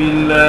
بالله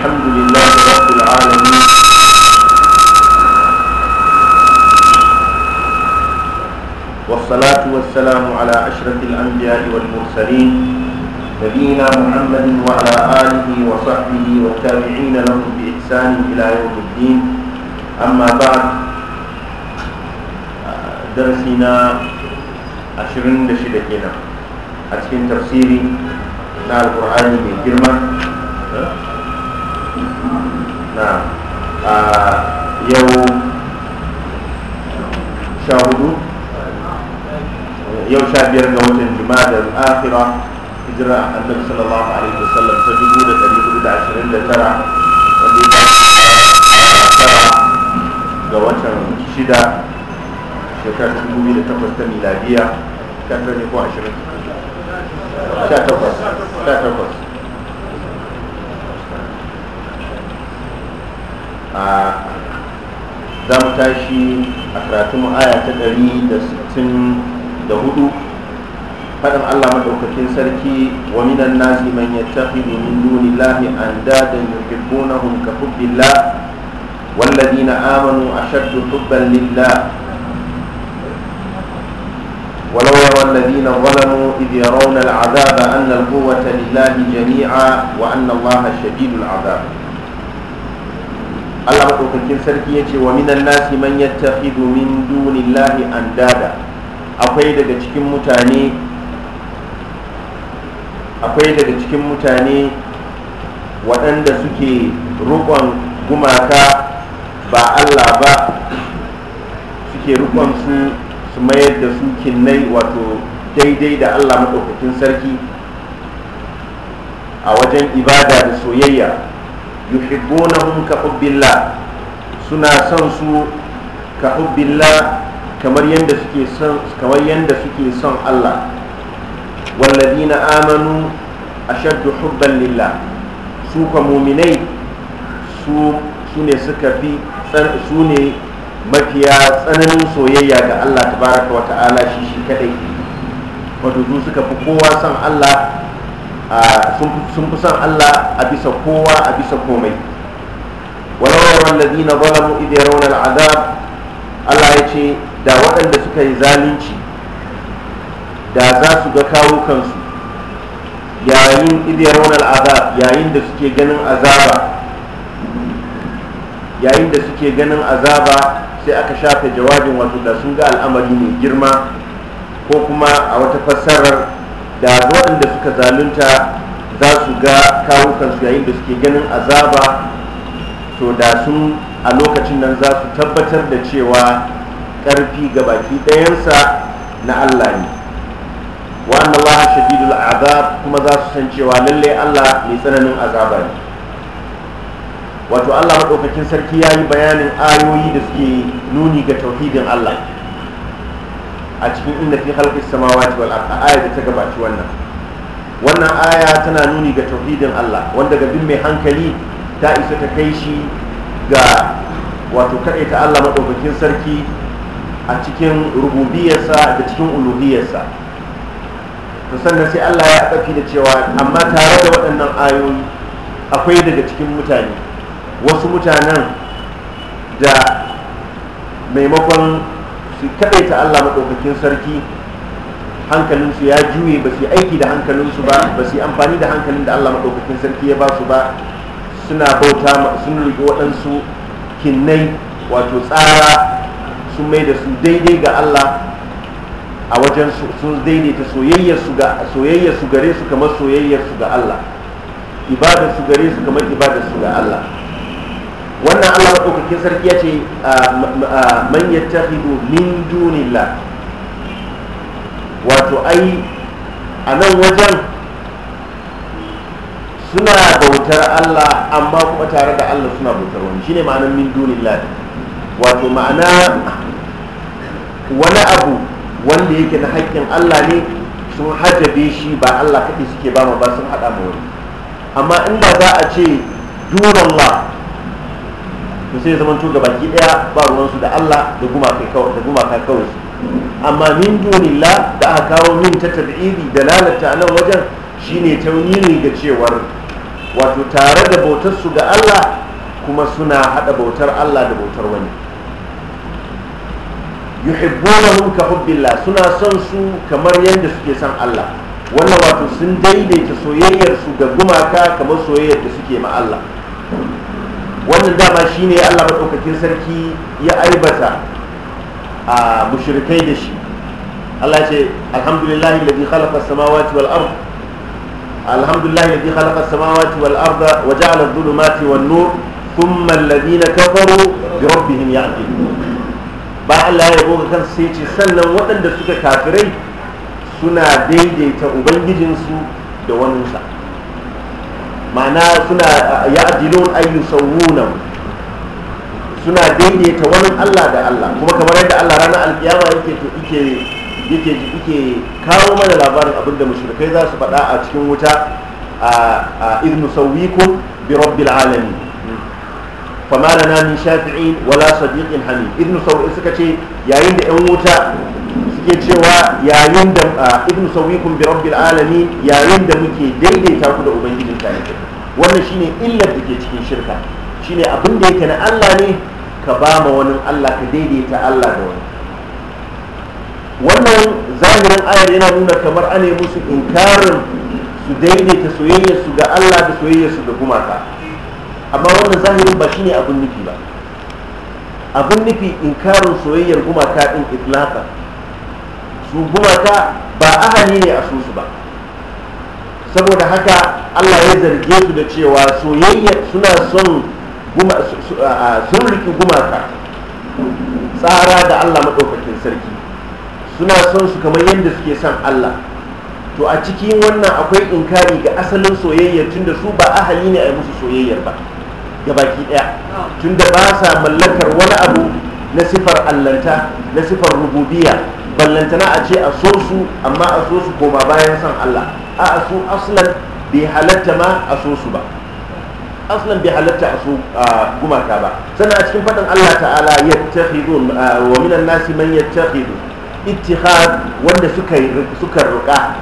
الحمد لله رب العالمين والصلاة والسلام على أشرف الأنبياء والمرسلين نبينا محمد وعلى آله وصحبه والتابعين لهم بإحسان إلى يوم الدين أما بعد درسنا عشرين دشدكنا أتكين تفسيري على القرآن من نعم آه يوم شاهدوا يوم شابير قوة جماد الآخرة هجرة النبي صلى الله عليه وسلم تجهود تريد بدع عشرين لترى قوة شدة shekara ta dubu da takwas ta miladiya ta karni ko ashirin sha takwas sha takwas a za mu tashi a karatun aya ta ɗari da sittin da hudu faɗin allah maɗaukakin sarki wa minan nasi man yattakhidhu min dunillahi andadan yuhibbunahum ka hubbillah والذين آمنوا أشد حبا لله ولو يرى الذين ظلموا إذ يرون العذاب أن القوة لله جميعا وأن الله شديد العذاب Allah madaukakin sarki ya ce wa minan nasi man yattakhidu min domin andada akwai daga cikin mutane akwai daga cikin mutane waɗanda suke rukon gumaka ba Allah ba suke rukon su su mayar da su kinnai wato daidai da Allah madaukakin sarki a wajen ibada da soyayya yuhibbunahum ka hubbillah suna son su ka hubbillah kamar yanda suke son kamar yanda suke son Allah walladina amanu ashaddu hubban lillah su ka muminai su sune suka fi su mafiya tsananin soyayya ga Allah tabaraka wa ta'ala shi shi kadai wato su suka fi kowa son Allah Ah, sun fi son Allah a bisa kowa a bisa komai walau da ladina zalamu idh wani al'adar, Allah ya ce da waɗanda suka yi zalunci da za su ga kawo kansu yayin idh wani al'adar, yayin da suke ganin azaba yayin da suke ganin azaba sai aka shafe jawabin wato da sun ga al'amari mai girma ko kuma a wata fassarar da waɗanda suka zalunta za su ga kawukansu yayin da suke ganin azaba to da sun a lokacin nan za su tabbatar da cewa ƙarfi ga baki ɗayansa na allah ne wa'an allah shadidul azab kuma za su san cewa lallai allah mai tsananin azaba ne wato allah maɗaukakin sarki ya yi bayanin ayoyi da suke nuni ga tauhidin allah a cikin inda fi halqis samawati wal ard aya da ta gabaci wannan wannan aya tana nuni ga tauhidin Allah wanda ga bin mai hankali ta isa ta kai shi ga wato kaɗai ta Allah madaukakin sarki a cikin rububiyarsa da cikin uluhiyarsa to sannan sai Allah ya ɗauki da cewa amma tare da waɗannan ayoyi akwai daga cikin mutane wasu mutanen da maimakon su ta Allah maɗaukakin sarki hankalinsu ya juye ba su aiki da hankalinsu ba ba su amfani da hankalin da Allah maɗaukakin sarki ya ba su ba suna bauta sun riƙe waɗansu kinnai wato tsara sun mai da su daidai ga Allah a wajen sun daidaita soyayyarsu gare su kamar soyayyarsu ga Allah ibadarsu gare su kamar ibadarsu ga Allah wannan Allah madaukakin sarki ya ce man yattakhidu min dunillah wato ai a nan wajen suna bautar Allah amma kuma tare da Allah suna bautar wani shine ma'anar min dunillah wato ma'ana wani abu wanda yake na haƙƙin Allah ne sun hajjabe shi ba Allah kaɗai suke ba ma ba sun haɗa ma wani amma inda za a ce dunallah to sai zaman to gaba daya ba ruwan su da Allah da gumaka kawai da kai kawai amma min dunillah da aka kawo min ta da lalata a nan wajen shine taunini ga cewar wato tare da bautar su ga Allah kuma suna hada bautar Allah da bautar wani yuhibbunahum ka hubbillah suna son su kamar yadda suke son Allah wannan wato sun daidaita soyayyar su ga gumaka kamar soyayyar da suke ma Allah wannan dama shine Allah madaukakin sarki ya aibata a mushrikai da shi Allah ce alhamdulillah alladhi khalaqa as-samawati wal ard alhamdulillah alladhi khalaqa as-samawati wal ard wa ja'ala adh-dhulumati wan nur thumma alladhina kafaru bi rabbihim ya'dilun ba Allah ya goga kan sai ce sannan waɗanda suka kafirai suna daidaita ubangijinsu da waninsa ma'ana suna ya adilun ayyusan sawuna suna daidaita wani Allah da Allah kuma kamar yadda Allah ranar alkiyama yake kawo mana labarin abin da mushrikai za su faɗa a cikin wuta a idnu sawwikum bi rabbil alamin fama lana min shafi'in wala sadiqin hamid idnu sawwi suka ce yayin da yan wuta suke cewa yayin da ibn sawikum bi rabbil alami yayin da muke daidaita ku da ubangijin ne wannan shine illar da ke cikin shirka shine abin da yake na Allah ne ka ba ma wani Allah ka daidaita Allah da wani wannan zahirin ayar yana nuna kamar an yi musu inkarin su daidaita soyayyarsu ga Allah da soyayyarsu ga gumaka amma wannan zahirin ba shine abin nufi ba abin nufi inkarin soyayyar gumaka din itlaqa su ta ba ahali ne a su ba saboda haka allah ya zarge su da cewa soyayya suna son sun riki gumaka tsara da allah maɗaukakin sarki suna son su kamar yadda suke son allah to a cikin wannan akwai inkari ga asalin soyayya tunda su ba ahali ne a yi musu soyayyar ba ga baki ɗaya tunda ba sa mallakar wani abu na sifar allanta na sifar rububiya ballantana a ce a so su amma a so su koma bayan san Allah a a su aslan bai halatta ma a so su ba aslan bai halatta a so gumaka ba sannan a cikin faɗin Allah ta'ala ta yattakhidun wa minan nasi man yattakhidun ittikhad wanda suka ruka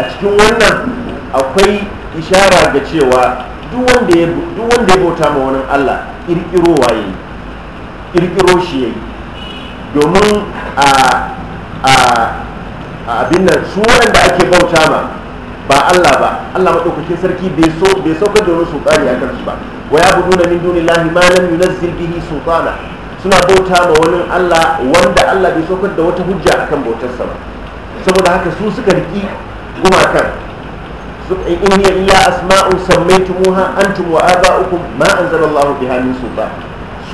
a cikin wannan akwai ishara ga cewa duk wanda ya bauta ma wani Allah kirkirowa yi kirkiro shi yayi domin a abin su waɗanda ake bauta ma ba Allah ba Allah maɗaukakin sarki bai so saukar da wani sultani a kansu ba wa ya budu na min lahi ma lam yunazzil bihi sultana suna bauta ma wani Allah wanda Allah bai saukar da wata hujja akan bautarsa ba saboda haka su suka riki gumakan in sammai tumuha asma'un sammaytumuha antum wa aba'ukum ma anzalallahu biha min ba.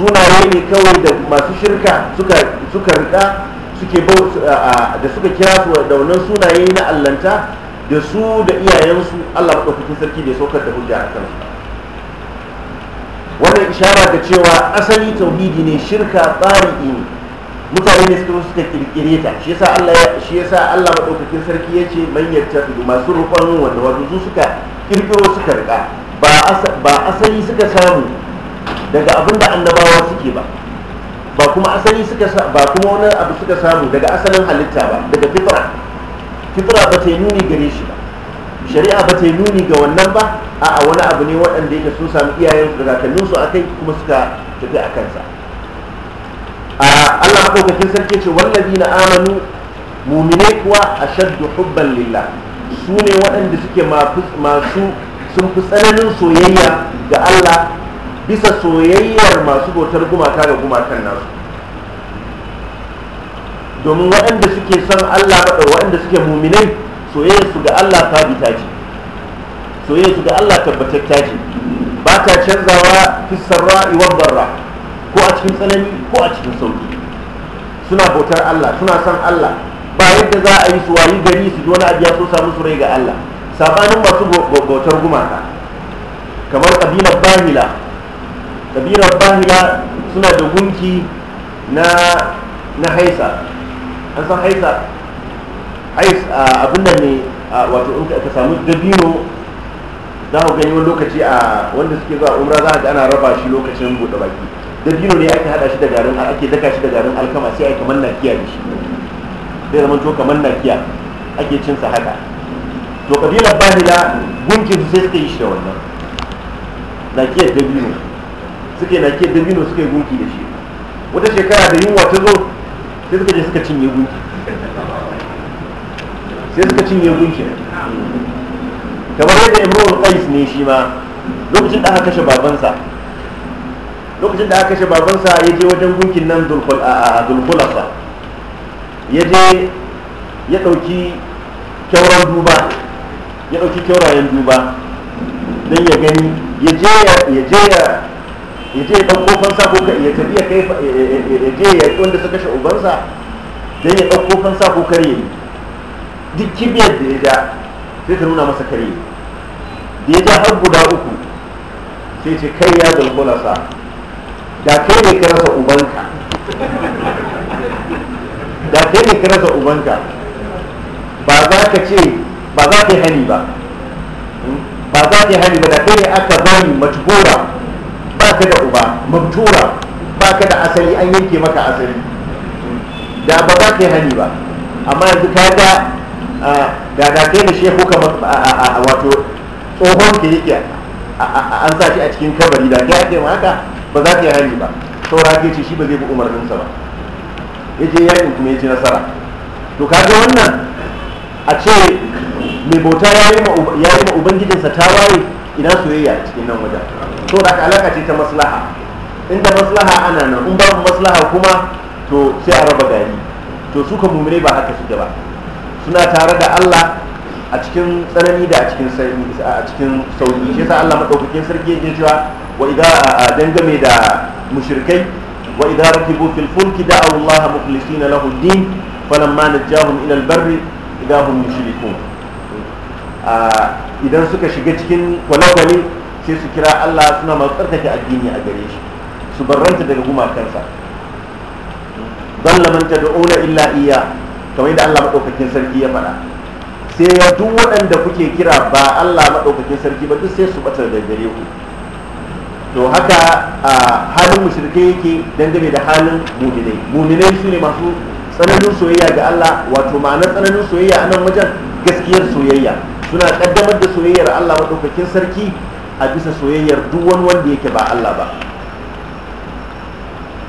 sunaye ne kawai da masu shirka suka rika suke da suka kira su da wannan sunaye na allanta da su da iyayensu allah maɗaukakin sarki bai saukar da hujja a su wannan ishara ga cewa asali tauhidi ne shirka tsari ne mutane ne suka suka kirkire ta shi yasa allah shi yasa allah maɗaukakin sarki ya ce manyanta masu roƙon wanda wato su suka kirkiro suka rika ba asali suka samu daga abin da annabawa suke ba ba kuma asali suka ba kuma wani abu suka samu daga asalin halitta ba daga fitra fitra ba ta yi nuni gare shi ba shari'a ba ta yi nuni ga wannan ba a wani abu ne waɗanda yake sun samu iyayen da kakannin su akai kuma suka tafi a kansa a Allah maɗaukakin sarki ce wallazi na amanu mumine kuwa a shaddu hubban lillah su ne waɗanda suke masu sun fi tsananin soyayya ga Allah bisa soyayyar masu bautar gumata da gumakan nasu domin waɗanda suke son Allah ba waɗanda suke muminai soyayyar su ga Allah sabita ce soyayyar su ga Allah ce ba ta canzawa fissar ra'i, wa barra ko a cikin tsanani ko a cikin sauki suna bautar Allah suna son Allah ba yadda za a yi su wayi gari su ji wani abu ya so samu su rai ga Allah sabanin masu bautar gumaka kamar kabilar bahila kabirar bahila suna da gunki na na haisa an san haisa hais abin da ne wato in ka samu dabino za ku gani wani lokaci a wanda suke zuwa umra za ga ana raba shi lokacin buɗe baki dabino ne ake hada shi da garin ake daka shi da garin alkama sai ake manna kiya da shi zai zama to kamar nakiya ake cin sa haka to kabilar bahila gunkin su sai suka yi shi da wannan nakiyar dabino suke na ke dabino suke gunki da shi wata shekara da yunwa ta zo sai suka je suka cinye gunki sai suka cinye gunki kamar yadda imrul qais ne shi ma lokacin da aka kashe babansa lokacin da aka kashe babansa ya je wajen gunkin nan dulkulasa ya je ya ɗauki kyauran duba ya ɗauki kyaurayen duba don ya gani ya je ya ya je ya fansa ko ya tafi ya kai ya je ya wanda suka kashe ubansa don ya ɗauko fansa ko kare ne duk kibiyar da ya ja sai ta nuna masa kare da ya ja har guda uku sai ce kai ya sa da kai ne ka rasa ubanka da kai ne ka rasa ubanka ba za ka ce ba za ka yi hani ba hmm? ba za ka yi hani ba da kai ne aka bani matugora ba ka da uba mamtura ba ka da asali an yanke maka asali da ba za ka yi hani ba amma yanzu ka ga da da kai da shehu ka wato tsohon ke yake an sa shi a cikin kabari da kai ake haka ba za ka yi hani ba saura ke ce shi ba zai bi umarninsa ba ya je yi kuma ya ci nasara to ga wannan a ce mai bauta ya yi ma ubangijinsa ta waye ina soyayya a cikin nan wajen to da alaka ce ta maslaha in ta maslaha ana nan in babu maslaha kuma to sai a raba gari to su ka ba haka suke ba suna tare da Allah a cikin tsanani da a cikin a cikin sauki shi yasa Allah madaukakin sarki yake cewa wa idza dangame da mushrikai wa idza rakibu fil fulki da'u Allah mukhlisina lahu din falamma najahum ila al-barri idza hum mushrikun idan suka shiga cikin kwale-kwale sai su kira Allah suna masu tsarkake addini a gare shi su barranta daga gumakansa lamanta da ona illa iya kamar yadda Allah maɗaukakin sarki ya faɗa sai ya duk waɗanda kuke kira ba Allah maɗaukakin sarki ba duk sai su ɓatar da gare ku to haka a halin mushrikai yake dangane da halin muminai muminai su ne masu tsananin soyayya ga Allah wato ma'anar tsananin soyayya a nan wajen gaskiyar soyayya suna kaddamar da soyayyar Allah madaukakin sarki a bisa soyayyar duk wani wanda yake ba Allah ba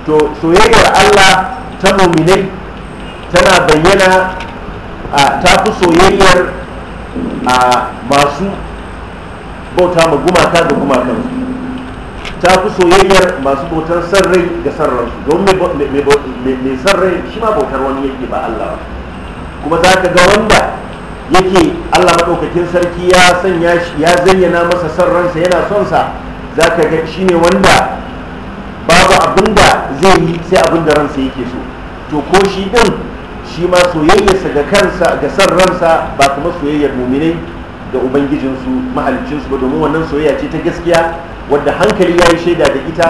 to soyayyar Allah ta muminai tana bayyana ta fi soyayyar a masu bauta ma gumaka da su ta fi soyayyar masu bautar san rai ga san ransu don mai san rai shi ma bautar wani yake ba Allah ba kuma za ka ga wanda yake Allah maɗaukakin sarki ya sanya ya zayyana masa son ransa yana son sa za ka ga shine wanda babu abin da zai yi sai abin da ransa yake so to ko shi ɗin shi ma soyayyarsa ga kansa ga son ransa ba kuma soyayyar muminai ga ubangijinsu mahalicinsu ba domin wannan soyayya ce ta gaskiya wadda hankali ya yi shaida da ita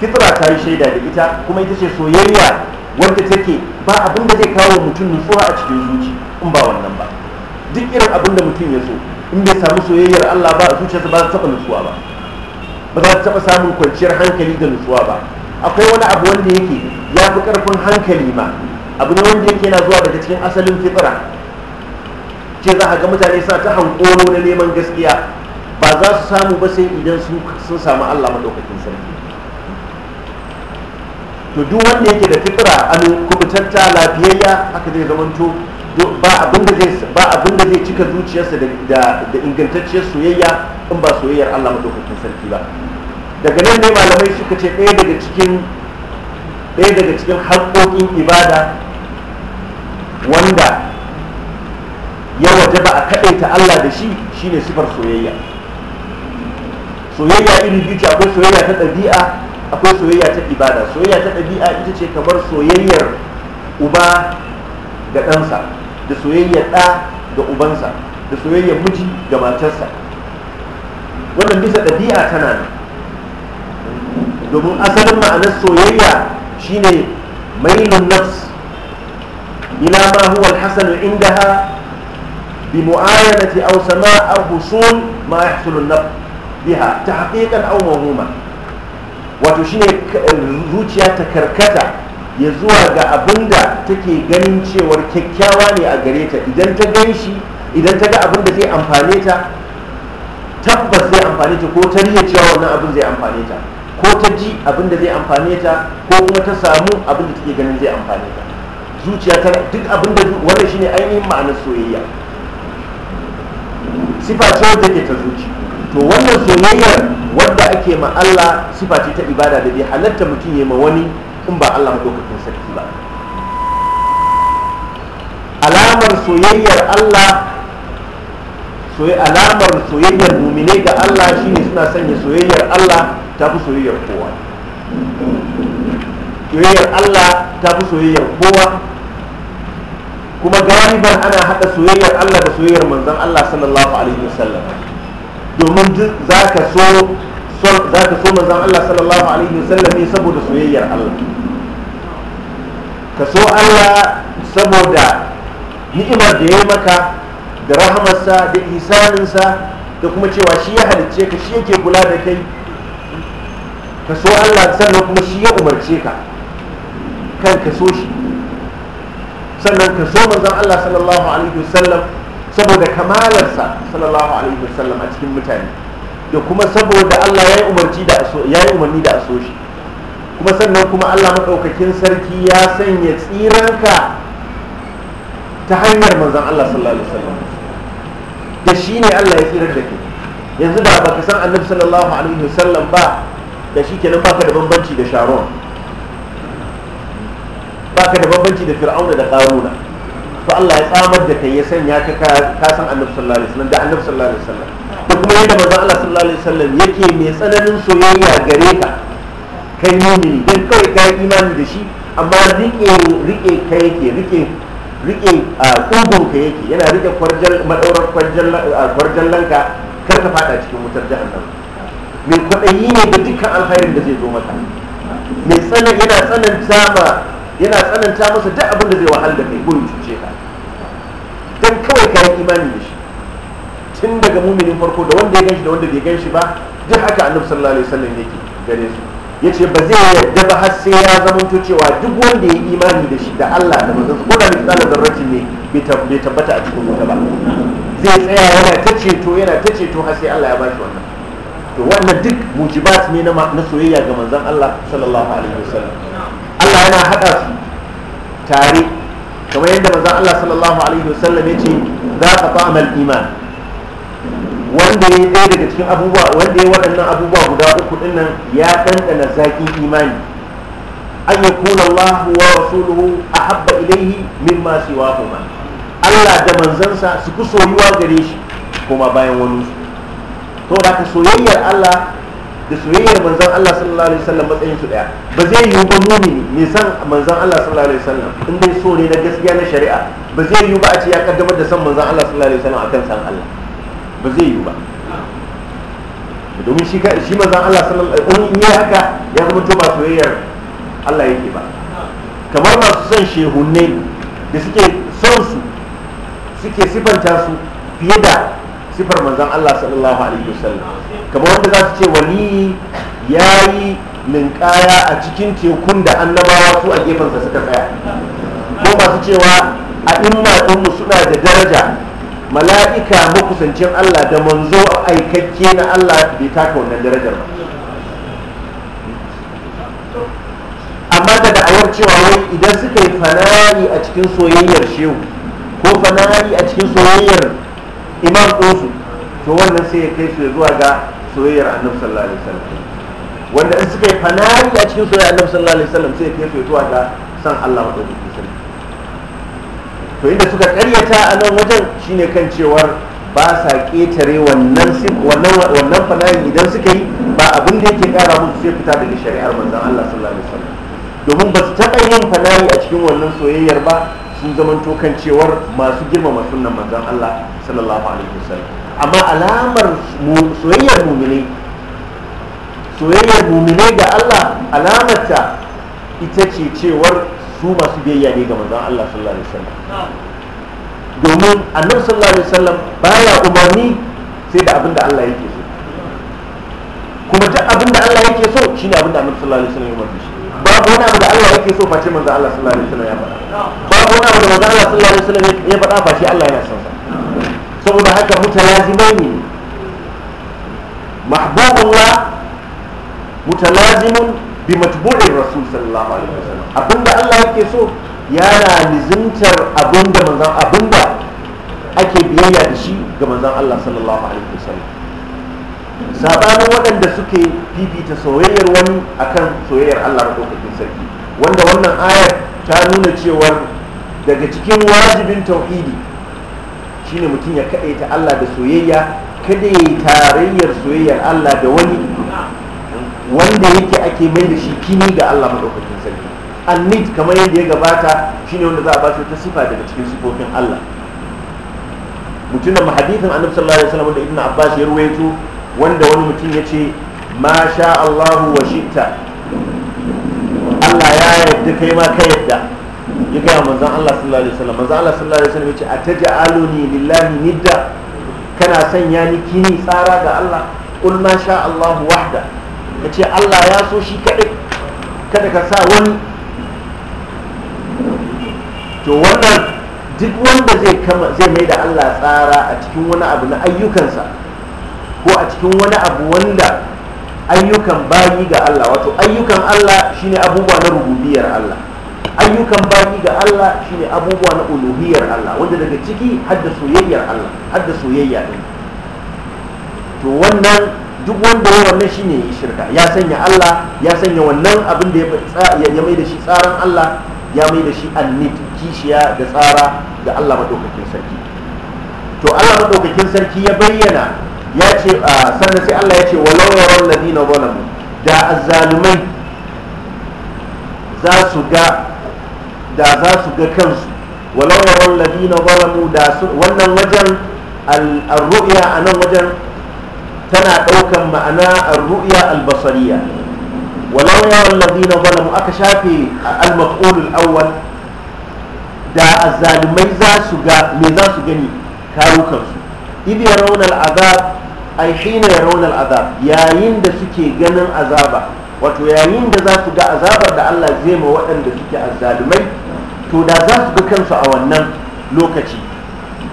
fitra ta yi shaida da ita kuma ita ce soyayya wadda take ba abin da zai kawo mutum nutsuwa a cikin zuci in ba wannan ba duk irin abin da mutum ya so in bai samu soyayyar Allah ba zuciyarsa ba za ta taɓa nutsuwa ba ba za ta taɓa samun kwanciyar hankali da nutsuwa ba akwai wani abu wanda yake ya fi ƙarfin hankali ma abu ne wanda yake yana zuwa daga cikin asalin fitira ce za a ga mutane sa ta hankoro na neman gaskiya ba za su samu ba sai idan sun samu Allah madaukakin sarki to duk wanda yake da fitira a kubutatta lafiyayya haka zai zamanto ba abin da zai cika zuciyarsa da ingantacciyar soyayya in ba soyayyar Allah madaukakin sarki ba daga nan ne malamai suka ce ɗaya daga cikin ɗaya haƙoƙin ibada wanda ya waje ba a kaɗaita Allah da shi shine sifar soyayya soyayya iri biyu ce akwai soyayya ta ɗabi'a akwai soyayya ta ibada soyayya ta ɗabi'a ita ce kamar soyayyar uba ga ɗansa da soyayyar ɗa da ubansa da soyayyar miji ga matarsa wannan bisa ɗabi'a tana nan domin asalin ma'anar soyayya shine mailun nafs ila ma huwa alhasan indaha bi mu'ayanati aw sama' aw husul ma yahsul an-nafs biha tahqiqan aw mawhuma wato shine zuciya ta karkata ya zuwa ga abin da take ganin cewar kyakkyawa ne a gare ta idan ta gan shi idan ta ga abin da zai amfane ta tabbas zai amfane ta ko ta riya cewa wannan abin zai amfane ta ko ta ji abin da zai amfane ta ko kuma ta samu abin da take ganin zai amfane ta zuciya ta duk abin da wannan shine ainihin ma'anar soyayya sifa ce wadda ke ta zuci to wannan soyayyar wadda ake ma Allah sifa ce ta ibada da bai halatta mutum ya ma wani in ba Allah madaukakin sarki ba alamar soyayyar Allah alamar soyayyar mumine ga Allah shine suna sanya soyayyar Allah ta fi soyayyar kowa soyayyar Allah ta fi soyayyar kowa kuma galiban ana haɗa soyayyar Allah da soyayyar manzon Allah sallallahu alaihi wasallam domin za ka so za ta so manzan Allah sallallahu alaihi wasallam ne saboda soyayyar Allah ka so Allah saboda ni'imar da ya maka da rahamarsa da isaninsa da kuma cewa shi ya halicce ka shi yake kula da kai ka so Allah sannan kuma shi ya umarce ka kan ka so shi sannan ka so manzan Allah sallallahu alaihi wasallam saboda kamalarsa sallallahu alaihi wasallam a cikin mutane da kuma saboda Allah ya umarci da ya yi umarni da aso shi kuma sannan kuma Allah madaukakin sarki ya sanya tsiranka ta hanyar manzon Allah sallallahu alaihi wasallam da shi ne Allah ya tsirar da ke yanzu da baka san annabi sallallahu alaihi wasallam ba da shi kenan baka da bambanci da sharon baka da bambanci da fir'auna da qaruna to Allah ya tsamar da kai ya sanya ka ka san annabi sallallahu alaihi wasallam da annabi sallallahu alaihi wasallam da kuma yadda manzon Allah sallallahu alaihi wasallam yake mai tsananin soyayya gare ka kai ne dan kawai ka imani da shi amma rike rike ka yake rike rike kogon ka yake yana rike kwarjal madaurar kwarjallan ka kar ka fada cikin wutar jahannam mai kwaɗayi ne da dukkan alkhairin da zai zo mata mai tsanan yana tsananta ma yana tsananta masa duk abin da zai wahal da kai gurin cuce ka dan kawai ka yi imani da shi tun daga muminin farko da wanda ya ganshi da wanda bai ganshi ba duk haka annabi sallallahu alaihi wasallam yake gare su yace ba zai yarda ba har sai ya zamanto cewa duk wanda ya yi imani da shi da Allah da manzon ko da misalan zarratin ne bai tabbata a cikin wuta ba zai tsaya yana ta ceto yana ta ceto har sai Allah ya bashi wannan to wannan duk mujibat ne na soyayya ga manzon Allah sallallahu alaihi wasallam Allah yana hada su tare kamar yadda manzon Allah sallallahu alaihi wasallam yace za ka fa'amal iman wanda ya ɗaya daga cikin abubuwa wanda ya waɗannan abubuwa guda uku ɗin nan ya ɗanɗana zaƙin imani an ya kuna Allah wa rasuluhu a habba ilaihi min mimma kuma Allah da manzansa su fi soyuwa gare shi kuma bayan wani su to da ka soyayyar Allah da soyayyar manzan Allah sallallahu alaihi wasallam matsayin su daya ba zai yi ba mumini mai san manzan Allah sallallahu alaihi wasallam in dai so ne na gaskiya na shari'a ba zai yi ba a ce ya kaddamar da san manzan Allah sallallahu alaihi wasallam akan san Allah ba zai yi ba domin shi shi mazan Allah sallallahu alaihi wasallam in yi haka ya zama to ba soyayyar Allah yake ba kamar masu son shehunne da suke son su suke sifanta su fiye da sifar manzon Allah sallallahu alaihi wasallam kamar wanda za su ce wali yayi linkaya a cikin tekun da annabawa su a gefen sa suka tsaya ko masu cewa a imma suna da daraja mala'ika makusancin Allah da manzo aikakke na Allah bai taka wannan darajar ba amma da da'awar cewa wai idan suka yi fanari a cikin soyayyar shehu ko fanari a cikin soyayyar imam ɗinsu to wannan sai ya kai su zuwa ga soyayyar annabi sallallahu alaihi wasallam wanda in suka yi fanari a cikin soyayyar annabi sallallahu alaihi wasallam sai ya kai su zuwa ga san Allah madaukakin to inda suka karyata a nan wajen shine kan cewar ba sa ƙetare wannan wannan fanayin idan suka yi ba abin da yake kara musu sai fita daga shari'ar manzon Allah sallallahu alaihi wasallam domin ba su taɓa yin fanayi a cikin wannan soyayyar ba sun zama to kan cewar masu girmama sunnan manzon Allah sallallahu alaihi wasallam amma alamar soyayyar mu'mini soyayyar mu'mini ga Allah alamarta ita ce cewar su masu biyayya ne ga manzon Allah sallallahu alaihi wasallam domin annabi sallallahu alaihi wasallam baya umarni sai da abin da Allah yake so kuma duk abin da Allah yake so shine abin da annabi sallallahu alaihi wasallam ya umarni shi ba wani abu da Allah yake so face manzon Allah sallallahu alaihi wasallam ya faɗa ba wani abu da manzon Allah sallallahu alaihi wasallam ya faɗa shi Allah yana son sa saboda haka mutalazimai ne mahbubullah mutalazimun bi matbu'in rasul sallallahu alaihi wasallam abinda Allah yake so yana lizintar abinda manzon abinda ake biyayya da shi ga manzon Allah sallallahu alaihi wasallam sabanin waɗanda suke fifita soyayyar wani akan soyayyar Allah da madaukakin sarki wanda wannan ayar ta nuna cewa daga cikin wajibin tauhidi shine mutum ya kaɗaita Allah da soyayya kada ya yi tarayyar soyayyar Allah da wani wanda yake ake mai da shi fini ga Allah madaukakin sarki annid kamar yadda ya gabata shine wanda za a ba ta sifa daga cikin sifofin Allah mutumin hadithin annabi sallallahu alaihi wasallam da ibnu abbas ya ruwaito wanda wani mutum ya ce ma sha Allah wa shitta Allah ya yarda kai ma ka yarda ya ga manzon Allah sallallahu alaihi wasallam manzon Allah sallallahu alaihi wasallam ya ce ataj'aluni lillahi nidda kana sanya ni kini tsara ga Allah qul ma sha Allah wahda ya ce allah ya so shi kaɗai kada ka sa wani to wannan duk wanda zai kama zai mai da allah tsara a cikin wani abu na ayyukansa ko a cikin wani abu wanda ayyukan bayi ga allah wato ayyukan allah shine abubuwa na rububiyar allah ayyukan bayi ga allah shine abubuwa na uluhiyar allah wanda daga ciki hadda soyayyar allah hadda soyayya ɗin to wannan duk wanda ya wannan shine ya shirka ya sanya Allah ya sanya wannan abin da ya mai da shi tsarin Allah ya mai da shi annit kishiya da tsara ga Allah madaukakin sarki to Allah madaukakin sarki ya bayyana ya ce sannan sai Allah ya ce walau yaron ladina zalamu da azzalumai za su ga da za su ga kansu walau yaron ladina zalamu da wannan wajen al-ru'ya anan wajen tana ɗaukan ma'ana ar-ru'ya al-basariya walau ya wallazina zalamu aka shafe a maful auwal awwal da azalimai za su ga me za su gani kawukansu idh raunar al-azab ay hina ya azab yayin da suke ganin azaba wato yayin da za su ga azabar da Allah zai ma waɗanda suke azzalumai to da za su ga kansu a wannan lokaci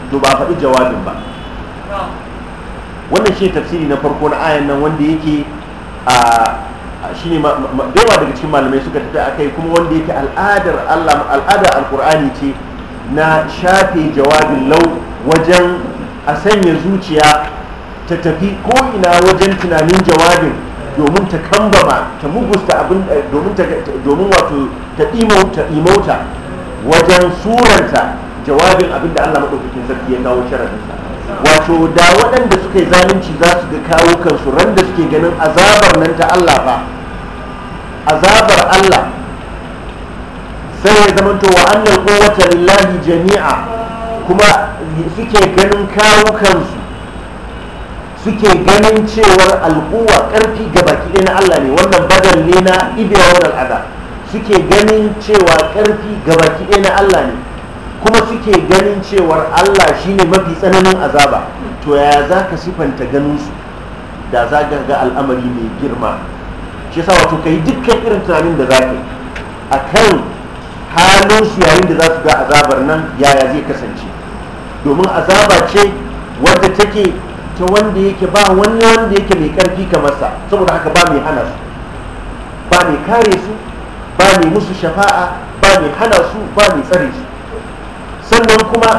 to ba faɗi jawabin ba wannan shi tafsiri na farko na ayan nan wanda yake a shi ne dawa daga cikin malamai suka tafi a kai kuma wanda yake al'adar allah al'adar alkur'ani ce na shafe jawabin lau wajen a sanya zuciya ta tafi ina wajen tunanin jawabin domin ta kambama ta mugusta abin eh, domin wato ta imauta wajen suranta jawabin abin da allah maɗaukakin sarki ya kawo sharaɗinsa wato da waɗanda suka yi zalunci za su ga kawo kansu ran da suke ganin azabar nan ta Allah ba azabar Allah sai ya zama to wa annal quwwata lillahi jami'a kuma suke ganin kawo kansu suke ganin cewar alƙuwa ƙarfi ga baki ɗaya na Allah ne wannan badal ne na ibiyar wannan azab suke ganin cewa ƙarfi ga baki ɗaya na Allah ne kuma suke ganin cewar Allah shine mafi tsananin azaba to yaya za ka sifanta ganinsu da za ka ga al'amari mai girma shi sa wato ka yi dukkan irin tunanin da za ka yi a kan halinsu yayin da za su ga azabar nan yaya zai kasance domin azaba ce wadda take ta wanda yake ba wani wanda yake mai karfi kamar sa saboda haka ba mai hana su ba mai kare su ba mai musu shafa'a ba mai hana su ba mai tsare su sannan kuma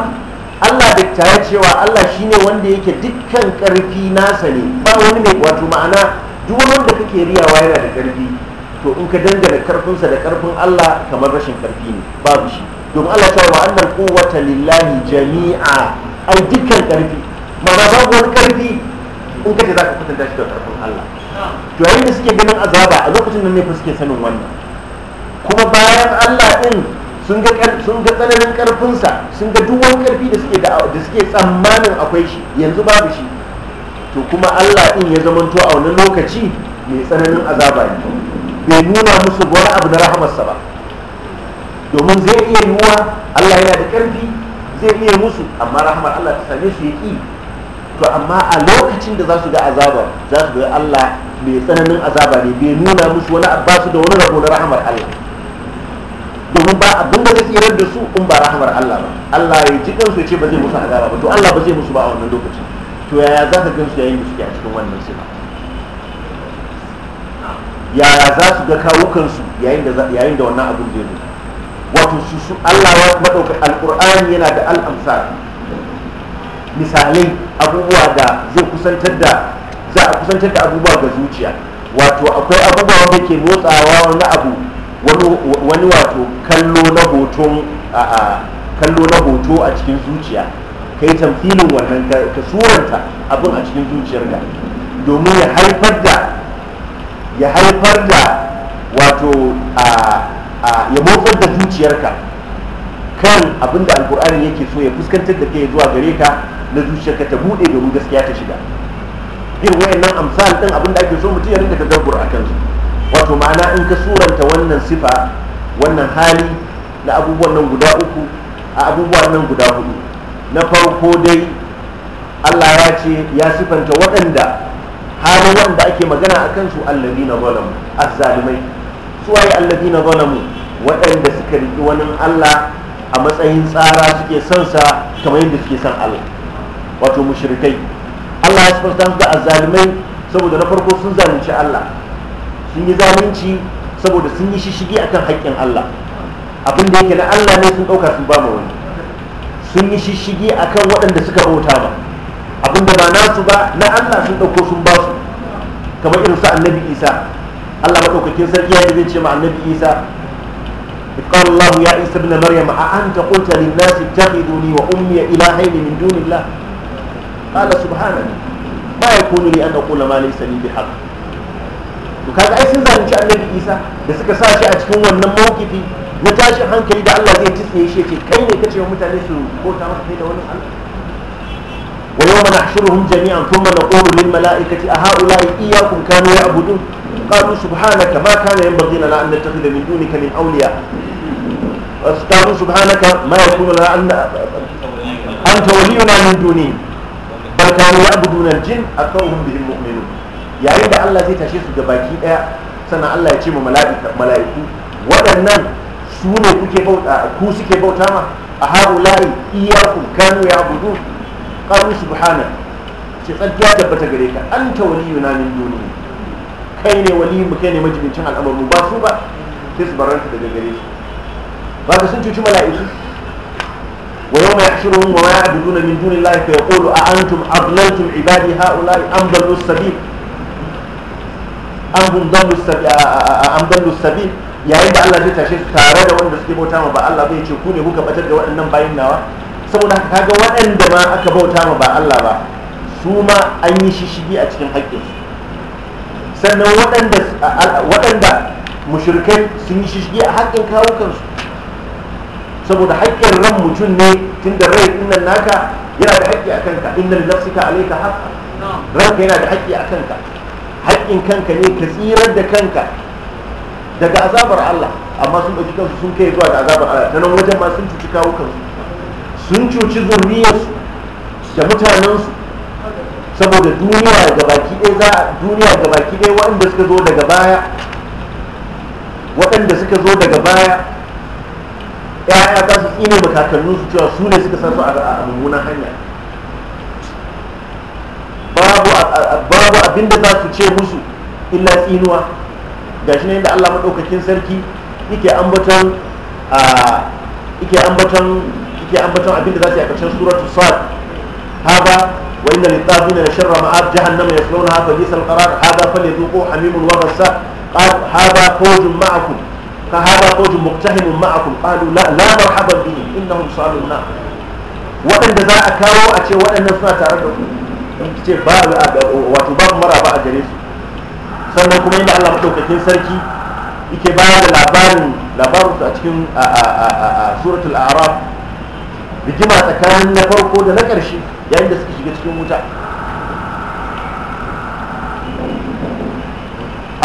Allah da ta cewa Allah shi ne wanda yake dukkan ƙarfi nasa ne ba wani mai wato ma'ana duk wanda kake riyawa yana da ƙarfi to in ka dangana ƙarfinsa da ƙarfin Allah kamar rashin ƙarfi ne babu shi don Allah ta wa annal quwwata lillahi jami'a ai dukkan ƙarfi ma'ana babu wani ƙarfi in ka ce zaka kwatanta shi da ƙarfin Allah to yayin da suke ganin azaba a lokacin nan ne fa suke sanin wannan kuma bayan Allah din sun ga tsananin karfinsa sun ga duk wani karfi da suke da suke tsammanin akwai shi yanzu babu shi to kuma Allah din ya zamanto a wani lokaci mai tsananin azaba ne bai nuna musu wani abu na rahamarsa ba domin zai iya yiwuwa Allah yana da karfi zai iya musu amma rahamar Allah ta same su ya ƙi to amma a lokacin da za su ga azaba za su ga Allah mai tsananin azaba ne bai nuna musu wani abu da wani rabo na rahamar Allah domin ba abin da zai da su in ba rahamar Allah ba Allah ya ji kansu ce ba zai musu azaba ba to Allah ba zai musu ba a wannan lokacin to yaya za ka gansu yayin da suke a cikin wannan sifa yaya za su ga kansu yayin da wannan abin zai zo wato su su Allah ya madauka alqur'ani yana da al'amsar misalai abubuwa da zai kusantar da za a kusantar da abubuwa ga zuciya wato akwai abubuwa wanda ke motsawa wani abu wani wato kallo na hoton kallo hoto a cikin zuciya ka yi tamfilin wannan ka suranta abin a cikin zuciyarka domin ya haifar da ya haifar da wato ya motsar da zuciyarka kan abin da alkur'ani yake so ya fuskantar da kai zuwa gare ka na zuciyarka ta buɗe domin gaskiya ta shiga irin wayannan amsal din abin da ake so mutum ya rinka tadabur a kansu wato ma'ana in ka suranta wannan sifa wannan hali na abubuwan nan guda uku a abubuwan nan guda hudu na farko dai allah ya ce ya sifanta waɗanda halin wanda ake magana a kansu allabi na zalamu azzalimai waye allabi na zalamu waɗanda suka riƙi wani allah a matsayin tsara suke son sa kamar yadda suke son allah wato mushrikai allah ya sifanta da azzalimai saboda na farko sun zalunci allah sun yi zalunci saboda sun yi shishigi akan haƙƙin Allah abin da yake na Allah ne sun ɗauka sun ba mu wani sun yi shishigi akan waɗanda suka bauta ba abin da ba nasu ba na Allah sun ɗauko sun ba su kamar irin su annabi Isa Allah maɗaukakin sarki ya zai ce ma annabi Isa قال الله يا عيسى ابن مريم أأنت قلت للناس اتخذوني وأمي إلهين من دون الله قال سبحانك ما يكون لي أن أقول ما ليس لي بحق to kaga ai sun zalunci annabi isa da suka sa shi a cikin wannan mawkifi na tashin hankali da allah zai tisne shi ce kai ne kace mutane su bauta masa kai da wani allah wa yau mana shiruhun jami'an kuma na ƙoro lil mala'ikati a ha'ula iyakun kano ya abudu qalu subhanaka ma kana yanbaghi lana an nattakhidha min dunika min awliya qalu subhanaka ma yakunu lana an anta waliyuna min duni bal kanu ya'buduna al-jinn akthahum bihim mu'minun yayin da Allah zai tashe su ga baki daya sannan Allah ya ce ma mala'iku waɗannan su ne kuke bauta ku suke bauta ma a haula'i iyakum kanu ya budu qalu subhana ce tsakiya tabbata gare ka anta waliyuna min duni kai ne waliyin mu kai ne majibincin al'amarin ba su ba sai su baranta daga gare shi ba ka sun cuci mala'iku ويوم يحشرهم وما يعبدون من دون الله فيقول أأنتم أضللتم عبادي هؤلاء أم ضلوا السبيل an hum dallu sabil yayin da Allah zai tashe tare da wanda suke bauta ma ba Allah bai ce ku ne kuka batar da waɗannan bayin nawa saboda haka kaga waɗanda ma aka bauta ma ba Allah ba su ma an yi shishigi a cikin haƙƙin sannan waɗanda waɗanda mushrikai sun yi shishigi a haƙƙin kawukansu saboda haƙƙin ran mutum ne tunda rai dinnan naka yana da haƙƙi a kanka inna li nafsika alayka haqqa ranka yana da haƙƙi a kanka haƙƙin kanka ne ka tsirar da kanka daga azabar Allah amma sun ɗauki kansu sun kai zuwa da azabar Allah ta nan wajen ma sun cuci kawo kansu sun cuci zurriyarsu da mutanensu saboda duniya ga baki ɗaya za duniya ga baki ɗaya waɗanda suka zo daga baya waɗanda suka zo daga baya ya'ya za su tsine cewa su ne suka sa su a mummunan hanya abinda za su ce musu illa tsinuwa ga shi ne da allah maɗaukakin sarki yake ambaton abinda za su yi a ƙarshen suratu saad haɗa wa inna littafin da sharra ma'ab jahannama ya tsauna haka bisa alƙarar haɗa fale ya zuƙo hamimun wa rasa haba fawjun ka haɗa kojin muktahimun ma'akun ƙalu la la marhaban bihim innahum salun na waɗanda za a kawo a ce waɗannan suna tare da ku ce ba wato babu mara ba a gare su sannan kuma yadda Allah madaukakin sarki yake ba da labarin labarin a cikin suratul arab rigima tsakanin na farko da na ƙarshe yayin da suka shiga cikin wuta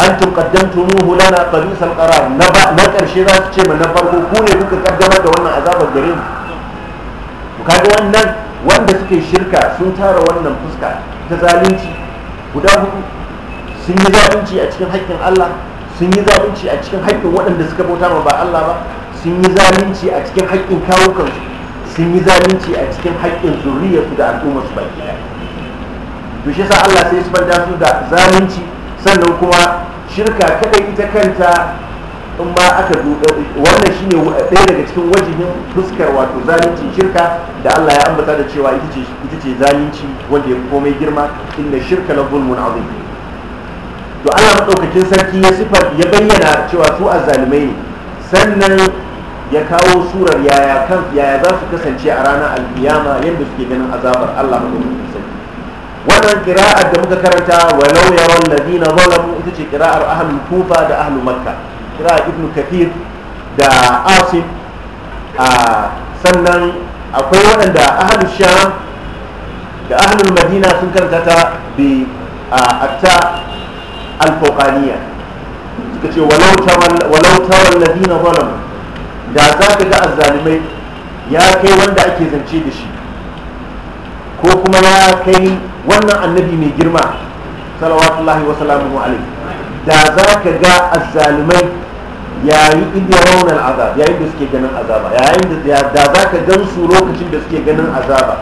an antum qaddamtumuhu lana qabisal qarar na na ƙarshe za su ce ma na farko ku ne kuka ƙaddamar da wannan azabar gare mu ku kaga wannan wanda suke shirka sun tara wannan fuska ta zalunci guda hudu sun yi zalunci a cikin haƙƙin Allah sun yi zalunci a cikin haƙƙin waɗanda suka bauta ma ba Allah ba sun yi zalunci a cikin haƙƙin kawukansu sun yi zalunci a cikin haƙƙin zuriyarsu da al'ummarsu baki ɗaya to shi Allah sai ya sifanta su da zalunci sannan kuma shirka kaɗai ita kanta in ba aka wannan shine ɗaya daga cikin wajihin fuskar wato zalunci shirka da Allah ya ambata da cewa ita ce zalunci wanda ya komai girma inda shirka la zulmun abin to ana maɗaukakin sarki ya sifar ya bayyana cewa su azzalumai ne sannan ya kawo surar yaya kan yaya za su kasance a ranar alkiyama yadda suke ganin azabar Allah madaukakin sarki wannan kira'ar da muka karanta walau yawan ladina zalamu ita ce kira'ar ahlul kufa da ahlul makka kira ibn kathir da asi a sannan akwai waɗanda ahalus sham da ahalul madina sun karanta ta bi atta alfokaniya suka ce walau ladina zalam da za ka ga azzalimai ya kai wanda ake zance da shi ko kuma ya kai wannan annabi mai girma salawatullahi wa alaikum da za ka ga azzalumai yayi inda rauna azab yayin da suke ganin azaba yayin da da za ka gan su lokacin da suke ganin azaba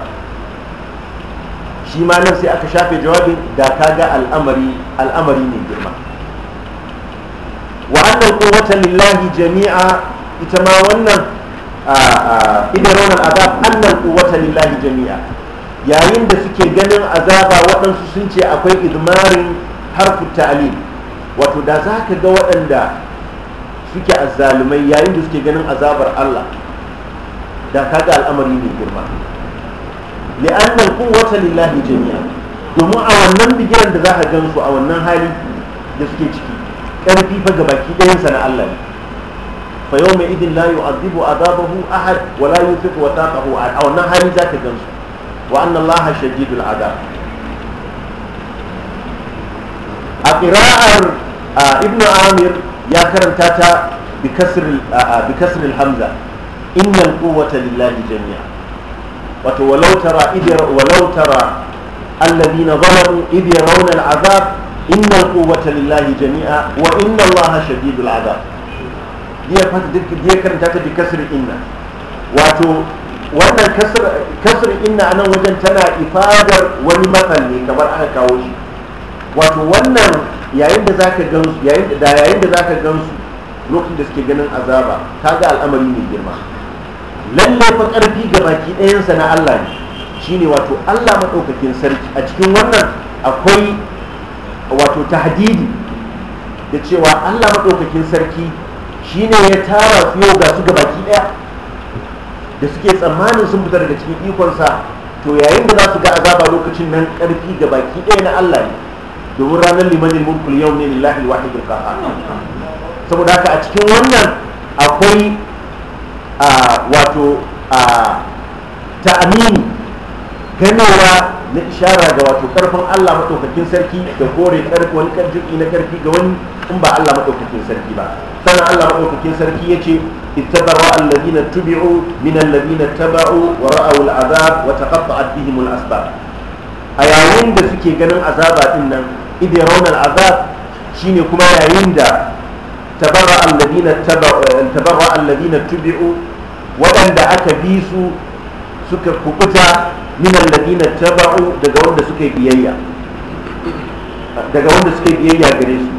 shi ma nan sai aka shafe jawabin da ka ga al'amari al'amari ne girma wa annal quwwata lillahi jami'a ita ma wannan inda rauna azab annal quwwata lillahi jami'a yayin da suke ganin azaba waɗansu sun ce akwai idmarin harfu ta'lim wato da za ka ga waɗanda suke azzalumai yayin da suke ganin azabar Allah da ka ga al'amari mai girma li'annan quwwata lillahi jami'a domin a wannan bigiran da za ka gan su a wannan hali da suke ciki ƙarfi fa ga baki ɗayansa na Allah ne fa yau mai idin la azabahu ahad wala yusuf yuthiqu wathaqahu a wannan hali za ka gan su wa anna Allah shadidul azab a ƙira'ar ibn amir ya karanta ta bikasir hamza innal quwwata lillahi jami'a wato walau tara idira walau tara alladhina zalamu idh yarawna al'azab lillahi jami'a wa inna allaha shadidul azab diya fa karanta ta bikasir inna wato wannan kasar kasr inna nan wajen tana ifadar wani matsal ne kamar aka kawo shi wato wannan yayin da za ka gan yayin da yayin da gan su lokacin da suke ganin azaba ga al'amari mai girma lalle fa karfi ga baki ɗayan sa na Allah ne shine wato Allah madaukakin sarki a cikin wannan akwai wato tahdidi da cewa Allah madaukakin sarki shine ya tara su yau ga su ga baki ɗaya da suke tsammanin sun fita daga cikin ikonsa to yayin da za su ga azaba lokacin nan karfi ga baki ɗaya na Allah ne domin ranar limanin mulkul yau ne lillahi alwahid alqahar saboda haka a cikin wannan akwai wato ta'amini ganewa na ishara ga wato karfin Allah madaukakin sarki da kore karfi wani karfi na karfi ga wani in ba Allah madaukakin sarki ba sannan Allah madaukakin sarki yace ittabawa alladhina tubi'u min alladhina taba'u wa ra'aw al'azab wa taqatta'at bihim al'asbab a yayin da suke ganin azaba din nan idh yarawna shi shine kuma yayin da tabarra alladina tabarra alladina tubi'u waɗanda aka bi su suka kubuta min alladina taba'u daga wanda suka biyayya daga wanda suka biyayya gare su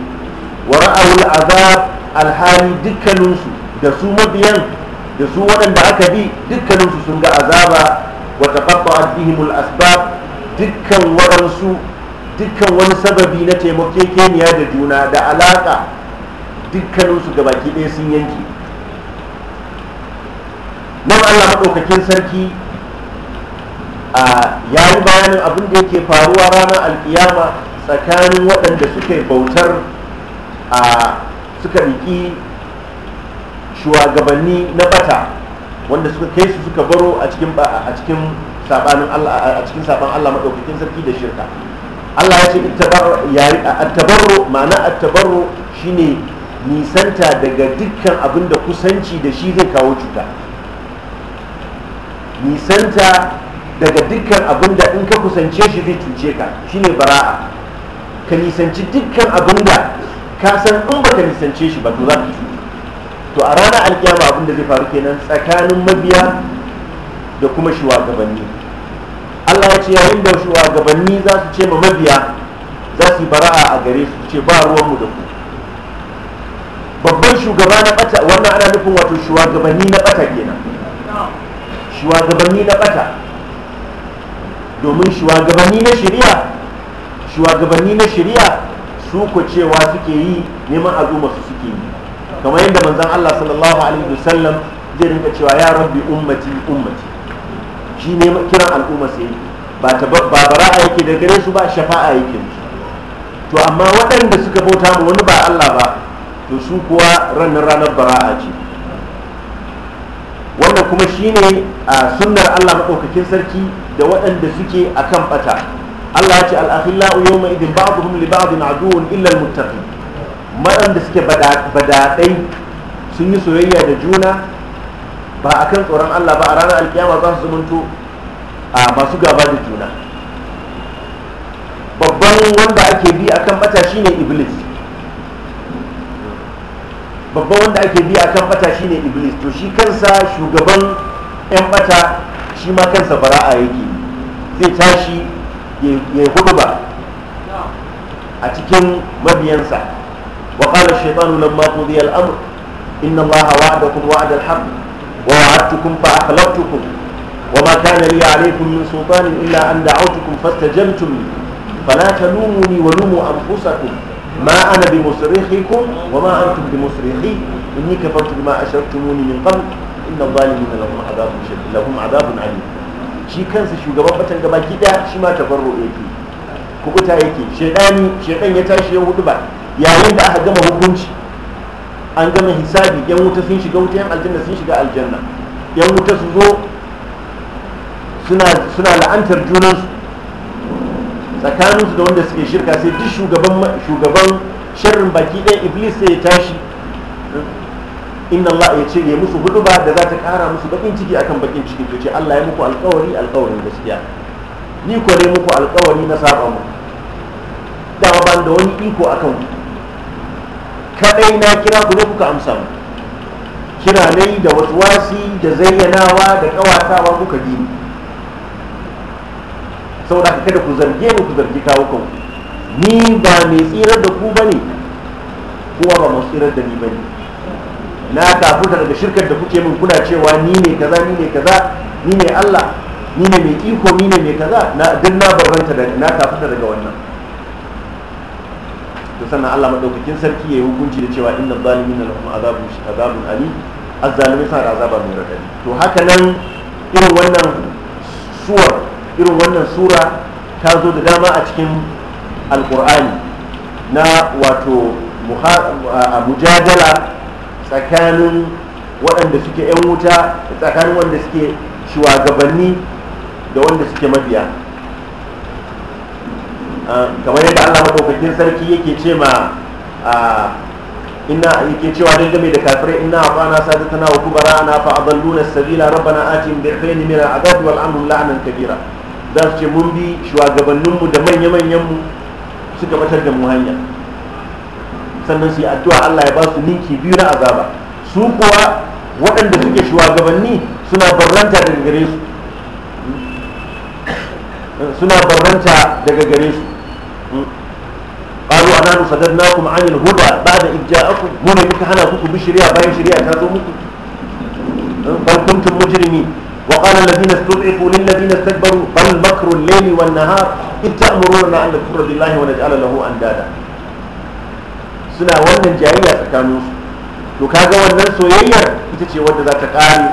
wa ra'awul azab alhali dukkaninsu da su mabiyan da su waɗanda aka bi dukkaninsu sun ga azaba wa taqatta'at bihimul asbab dukkan waɗansu dukkan wani sababi na taimakekeniya da juna da alaka dukkaninsu gabaki ɗaya sun yanki nan allah maɗaukakin sarki a yayi bayanin abin da yake faruwa ranar alƙiyama tsakanin waɗanda suke bautar a suka riƙi shugabanni na bata wanda suka kai su suka baro a cikin saɓanin allah maɗaukakin sarki da shirka Allah ya ce tabarro ma'ana a shi shine nisanta daga dukkan abin da kusanci da shi zai kawo cuta nisanta daga dukkan abin da in ka kusance shi zai cuce ka shine bara'a ka nisanci dukkan abin da ka san in ba ka nisance shi ba to za ka cuce to a ranar alkiyama abin da zai faru kenan tsakanin mabiya da kuma gabanin. Allah ya ce yayin da shugabanni za su ce ma mabiya za su yi bara'a a gare su ce ba ruwanmu da ku babban shugaba na bata wannan ana nufin wato shugabanni na bata kenan shugabanni na bata domin shugabanni na shari'a shugabanni na shari'a su ku cewa suke yi neman a zo masu suke yi kamar yadda manzon Allah sallallahu alaihi wasallam zai rinka cewa ya rabbi ummati ummati shi ne kiran al'umma sai ba ta ba bara'a yake da gare su ba shafa'a yake musu to amma waɗanda suka bauta mu wani ba Allah ba to su kuwa ranar ranar bara'a ce wanda kuma shine a sunnar Allah maɗaukakin sarki da waɗanda suke akan bata Allah ya ce al-akhillau yawma idin ba'dhum li ba'dhin aduwwun illa al-muttaqin waɗanda suke badaɗai sun yi soyayya da juna ba a kan tsoron Allah ba a ranar alkiyama za su zamanto a masu gaba da juna babban wanda ake bi a kan bata shine iblis babban wanda ake bi a kan bata shine iblis to shi kansa shugaban 'yan bata shi ma kansa bara'a yake zai tashi ya hudu ba a cikin mabiyansa wa qala shaitanu lamma qudiya al-amr inna allaha wa'adakum wa'ada al-haqq ووعدتكم فأخلفتكم وما كان لي عليكم من سلطان إلا أن دعوتكم فاستجبتم لي فلا تلوموني ولوموا أنفسكم ما أنا بمصرخكم وما أنتم بمصرخي إني كفرت بما أشركتموني من قبل إن الظالمين لهم عذاب شديد لهم عذاب عليم shi kansa shugaban batan gaba gida shi ma tabarro yake kukuta yake shedani shedan ya tashi ya hudu ba yayin da aka gama hukunci an gama hisabi yan wuta sun shiga wuta yan aljanna sun shiga aljanna yan wuta su zo suna la'antar junansu tsakaninsu da wanda suke shirka sai duk shugaban sharrin baki ɗaya iblis sai ya tashi inna Allah ya ce ya musu hudu ba da za ta kara musu bakin ciki akan bakin ciki to ce Allah ya muku alkawari alkawarin gaskiya ni ko ne muku alkawari na saba mu dama ban da wani iko akan ku kadai na kira ku ne kuka amsa mu kira ne da wasi da zayyanawa da kawatawa kuka bi ni saboda haka kada ku zarge mu ku zargi kawo kanku ni ba mai tsirar da ku bane kuwa ba mai tsirar da ni bane na tafi daga shirkar da kuke min kuna cewa ni ne kaza ni ne kaza ni ne Allah ni ne mai iko ni ne mai kaza na dinna na barranta da na tafi daga wannan to sannan Allah madaukakin sarki yayi hukunci da cewa innal zalimin lahum azabun azabun Ali azzalimai sa azaba mai radadi to haka nan irin wannan suwar irin wannan sura ta zo da dama a cikin alkur'ani na wato mujadala tsakanin waɗanda suke 'yan wuta tsakanin wanda suke shugabanni da wanda suke mabiya kamar yadda Allah madaukakin sarki yake ce ma inna yake cewa game da kafirai inna atana tana wa kubara'ana fa adalluna sabila rabbana atihim bi'fayn min al'adab wal amru la'nan kabira za su ce mun bi shugabanninmu da manya-manyan mu suka batar da mu hanya sannan su yi addu'a Allah ya ba su ninki biyu na azaba su kuwa waɗanda suke shugabanni suna barranta daga gare suna barranta daga gare su qalu ananu sadannakum anil huda ba'da ijja'akum mu ne muka hana ku bi shari'a bayan shari'a ta zo muku bal kuntum mujrimin wa qala alladhina istud'ifu lil ladina istakbaru bal makru al-layli wan nahar id ta'muruna an nakfura billahi wa naj'ala lahu andada suna wannan jayayya tsakanin su to kaga wannan soyayyar ita ce wadda za ta kare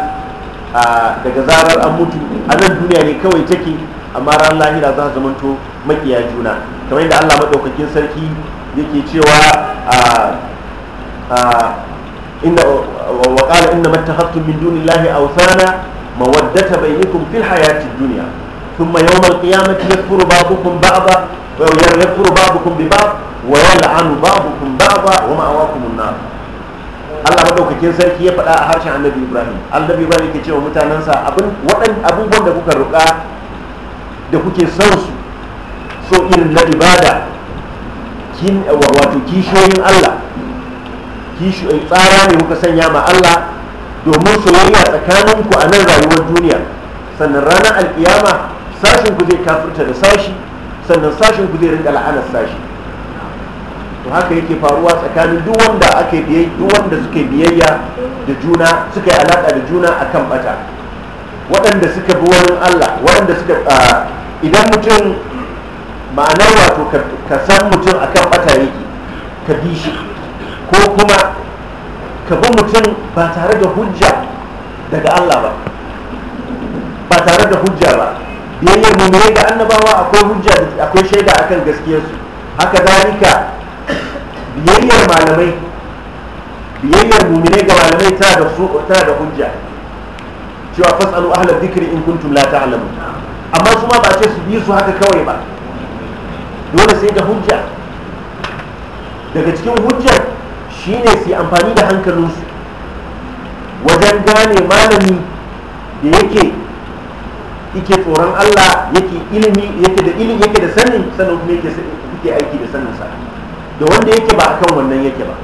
daga zarar an mutu a nan duniya ne kawai take amma ran lahira za ta zamanto makiya juna kamar yadda Allah maɗaukakin sarki yake cewa a inda wa qala inna mattakhadtum min dunillahi bai yi kun fil hayati duniya dunya thumma yawm al-qiyamati yakfuru ba'dukum ba'dha wa yakfuru ba'dukum bi ba'd babu kun ba'dukum ba wa ma'awakum an-nar Allah madaukakin sarki ya faɗa a harshen Annabi Ibrahim Annabi Ibrahim yake cewa mutanansa abin waɗan abubuwan da kuka ruka da kuke son su so irin na ibada wato kishiyoyin Allah tsara ne kuka sanya ma Allah domin soyayya tsakaninku a nan rayuwar duniya sannan ranar alkiyama sashin ku zai kafirta da sashi sannan sashin ku zai rinka la'anar sashi to haka yake faruwa tsakanin duk wanda ake duk wanda suke biyayya da juna suka yi alaka da juna akan bata waɗanda suka bi wani Allah waɗanda suka ah, idan mutum ma'ana wato ka san mutum akan bata yake ka bi shi ko kuma ka bi mutum ba tare da hujja daga Allah ba ba tare da hujja ba biyayyar mummure ga annabawa akwai hujja akwai shaida akan gaskiyarsu haka zalika biyayyar malamai biyayyar mummure ga malamai ta da su ta da hujja cewa fasalu ahlal dhikri in kuntum la ta'lamun amma su ma ba ce su bi su haka kawai ba dole sai da hujja daga cikin hujjar shine su sai amfani da hankalinsu wajen gane malami da yake ike tsoron Allah yake ilimi yake da ilimi yake da sanin sanin kuma yake yake aiki da sanin sa da wanda yake ba akan wannan yake ba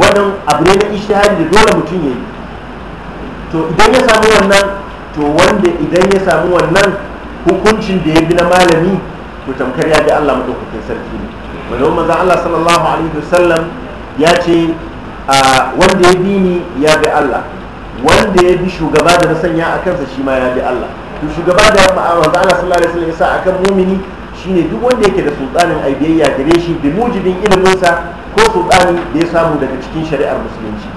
wannan abu ne na ishtihadi da dole mutum yayi to idan ya samu wannan to wanda idan ya samu wannan hukuncin da ya bi na malami ku tamkar ya bi Allah madaukakin sarki ne wanda manzon Allah sallallahu alaihi wasallam ya ce wanda ya bi ni ya bi Allah wanda ya bi shugaba da na sanya a kansa shi ma ya bi Allah to shugaba da manzon Allah sallallahu alaihi wasallam ya sa akan mumini shine duk wanda yake da sultanin aibiyayya gare shi bi mujibin iliminsa ko sultani da ya samu daga cikin shari'ar musulunci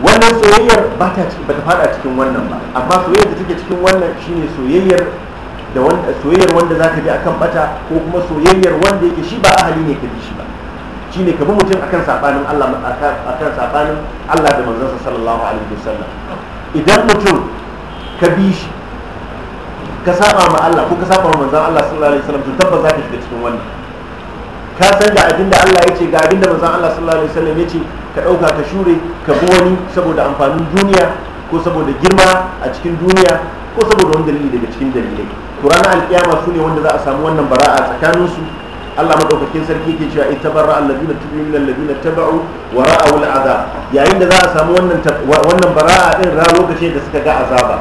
wannan soyayyar ba ta fada cikin wannan ba amma soyayyar da take cikin wannan shine soyayyar da soyayyar wanda za ka bi akan bata ko kuma soyayyar wanda yake shi ba ahali ne ka bi shi ba shi ne ka bi mutum akan sabanin Allah akan sabanin Allah da manzansa sallallahu alaihi wasallam idan mutum ka bi shi ka saba ma Allah ko ka saba ma manzan Allah sallallahu alaihi wasallam to tabbas za ka shiga cikin wannan ka san da abin da Allah ya ce ga abin da manzan Allah sallallahu alaihi wasallam ya ce ka ɗauka ka shure ka bi wani saboda amfanin duniya ko saboda girma a cikin duniya ko saboda wani dalili daga cikin dalilai to ranar alkiyama su ne wanda za a samu wannan bara'a tsakanin su Allah madaukakin sarki ke cewa ita barra alladina tubu min alladina taba'u wa ra'aw al'azab yayin da za a samu wannan wannan bara'a din ra lokacin da suka ga azaba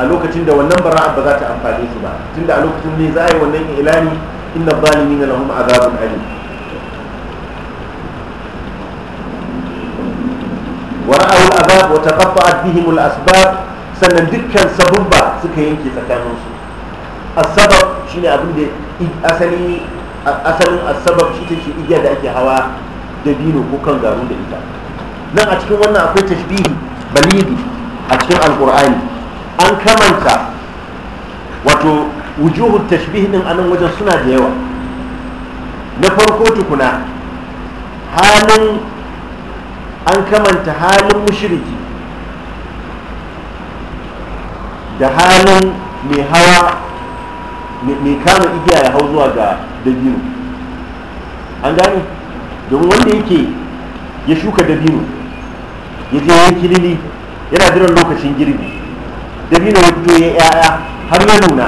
a lokacin da wannan bara'a ba za ta amfane su ba tunda a lokacin ne za a yi wannan ilani inna zalimin lahum azabun alim wa ra'aw al'azab wa taqatta'at bihim al'asbab sannan dukkan sabubba suka yanke tsakaninsu asabab ne abin da asali asalin asabab shi ce igiyar da ake hawa da dino ko kan garu da ita nan a cikin wannan akwai tashbihi balidi a cikin alkur'ani an kamanta wato wujuhu tashbihi din anan wajen suna da yawa na farko tukuna halin an kamanta halin mushriki da halin mai hawa mai kama igiya ya hau zuwa ga dabino an gani domin wanda yake ya shuka dabino ya je ya kilili yana jiran lokacin girbi dabino ya fito ya yaya har ya nuna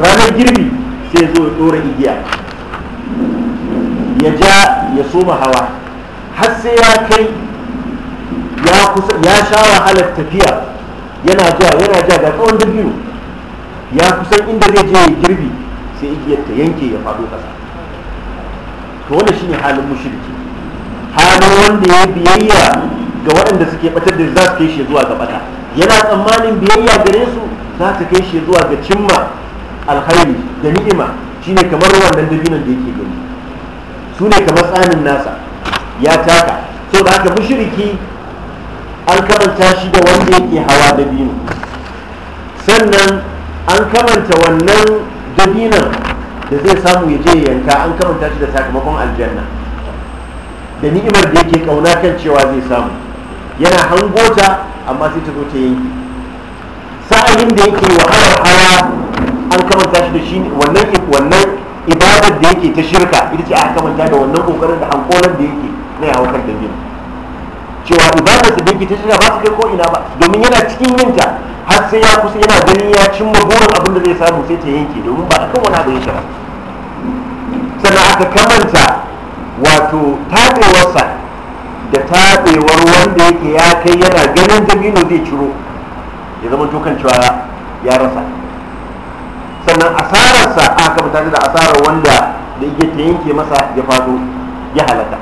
ranar girbi sai ya zo ya dora igiya ya ja ya soma hawa har sai ya kai ya sha wahalar tafiya yana ja yana ja ga tsawon dabino ya kusan inda zai je ya girbi sai igiyar ta yanke ya faɗo ƙasa to wanda shine halin mushirki halin wanda ya biyayya ga waɗanda suke batar da za su kai shi zuwa ga ɓata yana tsammanin biyayya gare su za ta kai shi zuwa ga cimma alkhairi da ni'ima shine kamar wannan dabino da yake gani su ne kamar tsanin nasa ya taka so da aka mushiriki an kamanta shi da wanda yake hawa dabino sannan an kamanta wannan dabinan da zai samu ya je yanka an kamanta shi da sakamakon aljanna da ni'imar da yake kauna kan cewa zai samu yana hangota amma sai ta zo ta yanki sa'ayin da yake wa hawa an kamanta shi da shi wannan ibadar da yake ta shirka ita ce a kamanta da wannan kokarin da hankolar da yake na kan dabino cewa ibada su dinki ta ba su kai ko ina ba domin yana cikin yinta har sai ya kusa yana ganin ya cimma burin abin da zai samu sai ta yanke domin ba akan wani abin yake ba sannan aka kamanta wato taɓewarsa da taɓewar wanda yake ya kai yana ganin dabino zai ciro ya zama tokan cewa ya rasa sannan asararsa aka mutane da asarar wanda da yake ta yanke masa ya faɗo ya halaka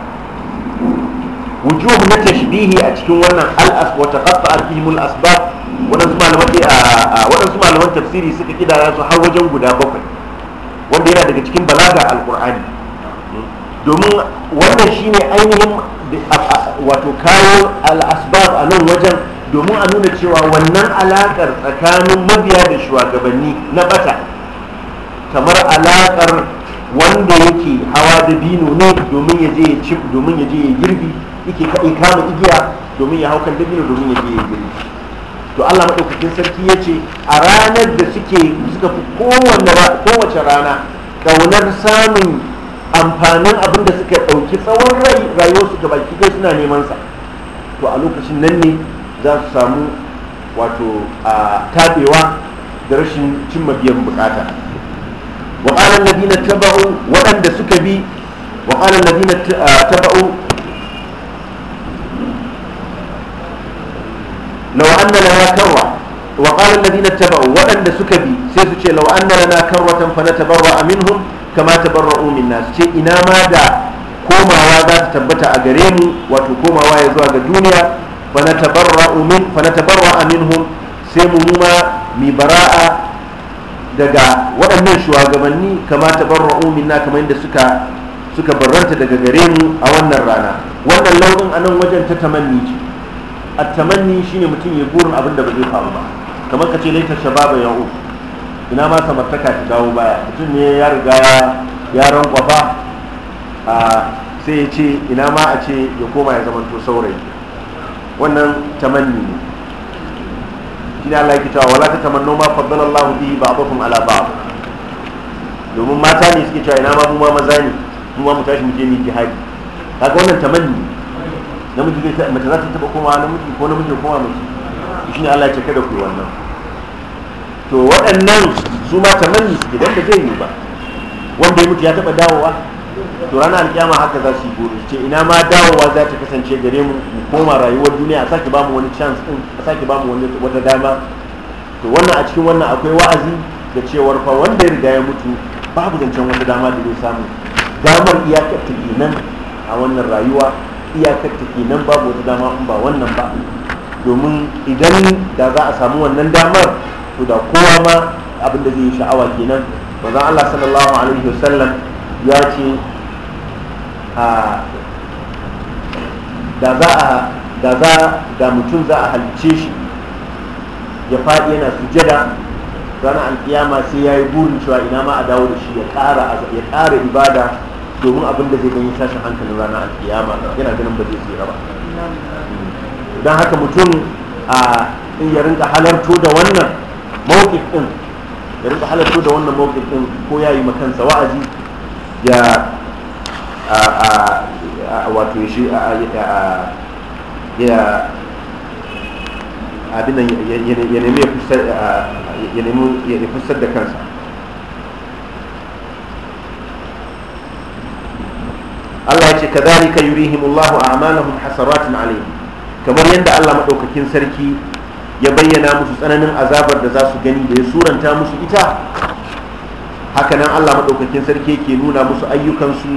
wujuh na tashbihi a cikin wannan al'as wa taqatta'a bihim al-asbab wadansu malaman a wadansu malaman tafsiri suka kidara su har wajen guda bakwai wanda yana daga cikin balaga al-qur'ani domin wannan shine ainihin wato kawo al-asbab a nan wajen domin a nuna cewa wannan alakar tsakanin mabiya da shugabanni na bata kamar alakar wanda yake hawa da bino ne domin ya je ya girbi yake ka kama igiya domin ya haukan dabino domin ya yi gari to Allah maɗaukakin sarki ya ce a ranar da suke suka fi kowace rana ƙaunar samun amfanin abin da suka ɗauki tsawon rayuwarsu da baki kai suna neman sa to a lokacin nan ne za su samu wato a tabewa da rashin cimma biyan bukata wa qala alladhina taba'u waɗanda suka bi wa taba'u law anna lana karra wa qala alladhina waɗanda suka bi sai su ce law anna lana karratan fanatabarra minhum kama tabarra'u minna su ce ina ma da komawa za ta tabbata a gare mu wato komawa ya zuwa ga duniya fanatabarra minhum sai mu ma mi bara'a daga waɗannan shugabanni kama tabarra'u minna kamar yadda suka suka barranta daga gare mu a wannan rana wannan launin a nan wajen ta at-tamanni shine mutum ya burin abin da ba zai faru ba kamar ka ce laifin shababa ya hu ina ma samartaka ta dawo baya mutum ne ya riga ya rankwafa a sai ya ce ina ma a ce ya koma ya to saurayi wannan tamanni ne kina Allah yake cewa wala tamanno ma faddala Allahu bihi ba'dakum ala ba'd domin mata ne suke cewa ina ma mu ma maza ne mu ma mu tashi mu je ni jihadi kaga wannan tamanni namiji zai mace za ta taba komawa namiji ko namiji ya koma mace ne Allah ya ce kada ku yi wannan to waɗannan su ma tamanni suke don da zai yi ba wanda ya mutu ya taba dawowa to ranar alƙiyama haka za su yi gori ce ina ma dawowa za ta kasance gare mu mu koma rayuwar duniya a sake bamu wani chance din a sake bamu wani wata dama to wannan a cikin wannan akwai wa'azi da cewar fa wanda ya riga ya mutu babu zancen wata dama da zai samu damar iya nan a wannan rayuwa iyakar ta nan babu wata dama in ba wannan ba domin idan da za a samu wannan damar to da kowa ma abin da zai yi sha'awa kenan manzon Allah sallallahu alaihi wasallam ya ce da za a mutum za a halice shi ya faɗi yana sujada ranar alƙiyama sai ya yi burin cewa ina ma a dawo da shi ya ƙara ibada domin abin da zai gani tashin hankalin rana a kiyama yana ganin ba zai tsira ba don haka mutum a in ya rinka halarto da wannan mawqif ɗin ya rinka halarto da wannan ɗin ko yayi makansa wa'azi ya a wato shi ya abin ya nemi ya fuskar da kansa Allah ya ce ka ka kadhalika yurihimullahu a'malahum hasaratin alayhi kamar yadda Allah maɗaukakin sarki ya bayyana musu tsananin azabar da za su gani da ya suranta musu ita hakanan Allah maɗaukakin sarki ke nuna musu ayyukansu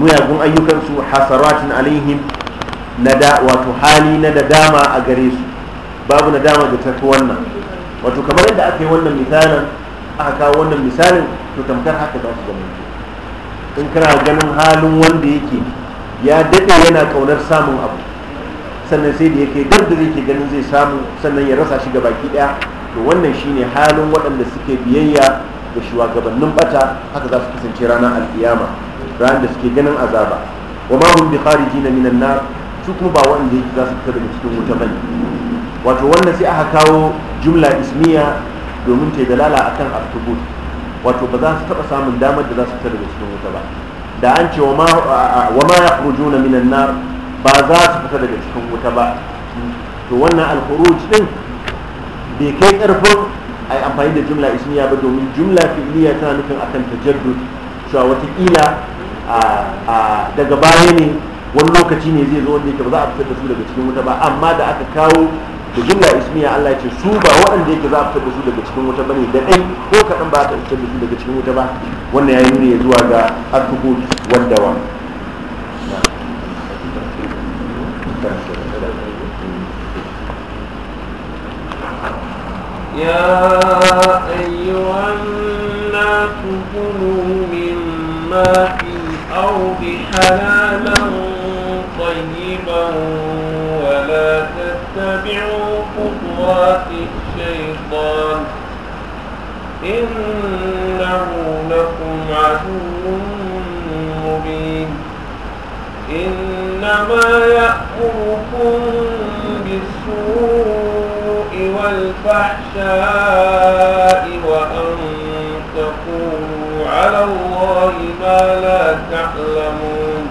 muyagun ayyukansu hasaratin na da wato hali na nadama a gare su babu nadama da tafi wannan wato kamar yadda aka yi wannan misalin aka kawo wannan misalin to tamkar haka za su zama in kana ganin halin wanda yake ya daɗe yana ƙaunar samun abu sannan sai da yake dab da zai ganin zai samu sannan ya rasa shi ga baki ɗaya to wannan shine halin waɗanda suke biyayya ga shugabannin bata haka za su kasance ranar alkiyama ranar da suke ganin azaba wa ma hum bi na minan nar su kuma ba waɗanda yake za su fita daga cikin wuta bane wato wannan sai aka kawo jumla ismiya domin ta dalala akan al wato ba za su taɓa samun damar da za su fita daga cikin wuta ba da an ce wa ma ya yakhrujuna minan nar ba za su fita daga cikin wuta ba to wannan al din bai kai karfin yi amfani da jumla ismiya ba domin jumla fi'liya tana nufin akan tajaddud cewa watakila daga baya ne wani lokaci ne zai zo wanda yake ba za a fitar da su daga cikin wuta ba amma da aka kawo da jumla ismiya Allah ce su ba waɗanda yake za a fitar da su daga cikin wuta bane da ɗai ko kaɗan ba ta fitar da su daga cikin wuta ba wannan ya nuna zuwa ga artuhud wadda wa يا أيها الناس كلوا مما في الأرض حلالا إنه لكم عدو مبين إنما يأمركم بالسوء والفحشاء وأن تقولوا على الله ما لا تعلمون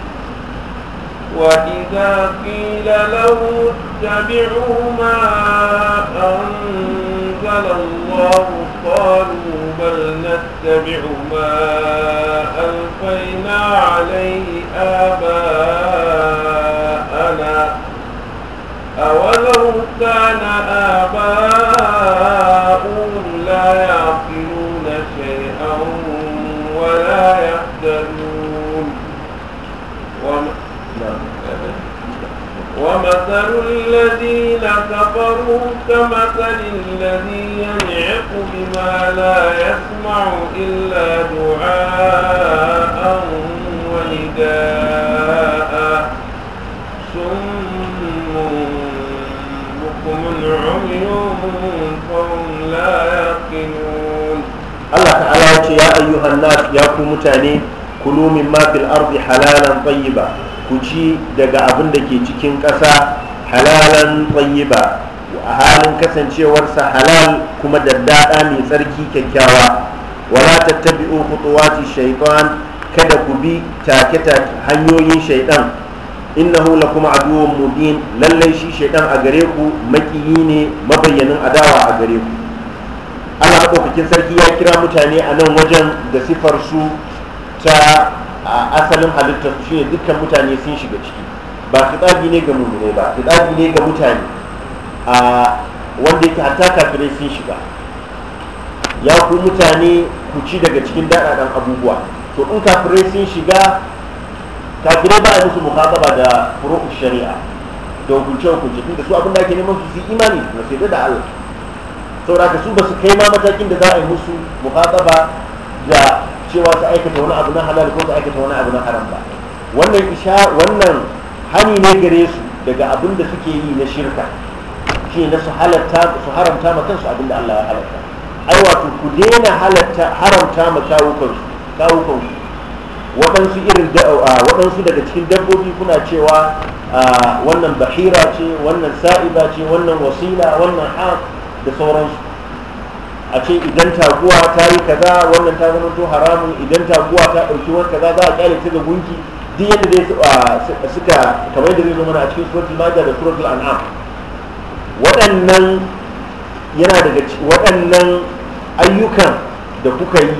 وإذا قيل له اتبعوا ما أنزل الله قالوا بل نتبع ما ألقينا عليه آباءنا أولو كان آباؤهم لا يعقلون شيئا ولا يهتدون ومثل الذين كفروا كمثل الذي ينعق بما لا يسمع إلا دعاء ونداء سم عمي فهم لا يقنون الله تعالى يا أيها الناس يا متاني كلوا مما في الأرض حلالا طيبا ku ci daga abin da ke cikin ƙasa halalan ba a halin kasancewarsa halal kuma da daɗa mai tsarki kyakkyawa wala tattabi'u khutuwati shaytan kada ku bi take take hanyoyin inna hula kuma aduwwun mubin lallai shi shaytan a gare ku makiyi ne mabayyanin adawa a gare ku Allah madaukakin sarki ya kira mutane a nan wajen da sifar su ta a asalin halittar su shine dukkan mutane sun shiga ciki ba fitsari ne ga mummune ba fitsari ne ga mutane a wanda yake hatta kafirai sun shiga ya ku mutane ku ci daga cikin daɗaɗan abubuwa to in kafirai sun shiga kafirai ba a musu mukhataba da furu'u shari'a da hukunce hukunce tunda su abin da ake neman su su imani na sai da Allah saboda su ba su kai ma matakin da za a yi musu mukhataba cewa ta aikata wani abu na halal ko ta aikata wani abu na haram ba wannan isha wannan hani ne gare su daga abin da suke yi na shirka shi na su halatta su haramta ma kansu abin da Allah ya halatta ai wato ku daina halatta haramta ma kawukansu kawukansu waɗansu irin waɗansu daga cikin dabbobi kuna cewa wannan bahira ce wannan sa'iba ce wannan wasila wannan haq da sauransu a ce idan taguwa ta yi kaza wannan ta zama to haramun idan taguwa ta ɗauki wani kaza za a kyale ta ga gunki duk yadda dai suka kamar yadda zai zama a cikin suratul maida da suratul an'am waɗannan yana daga waɗannan ayyukan da kuka yi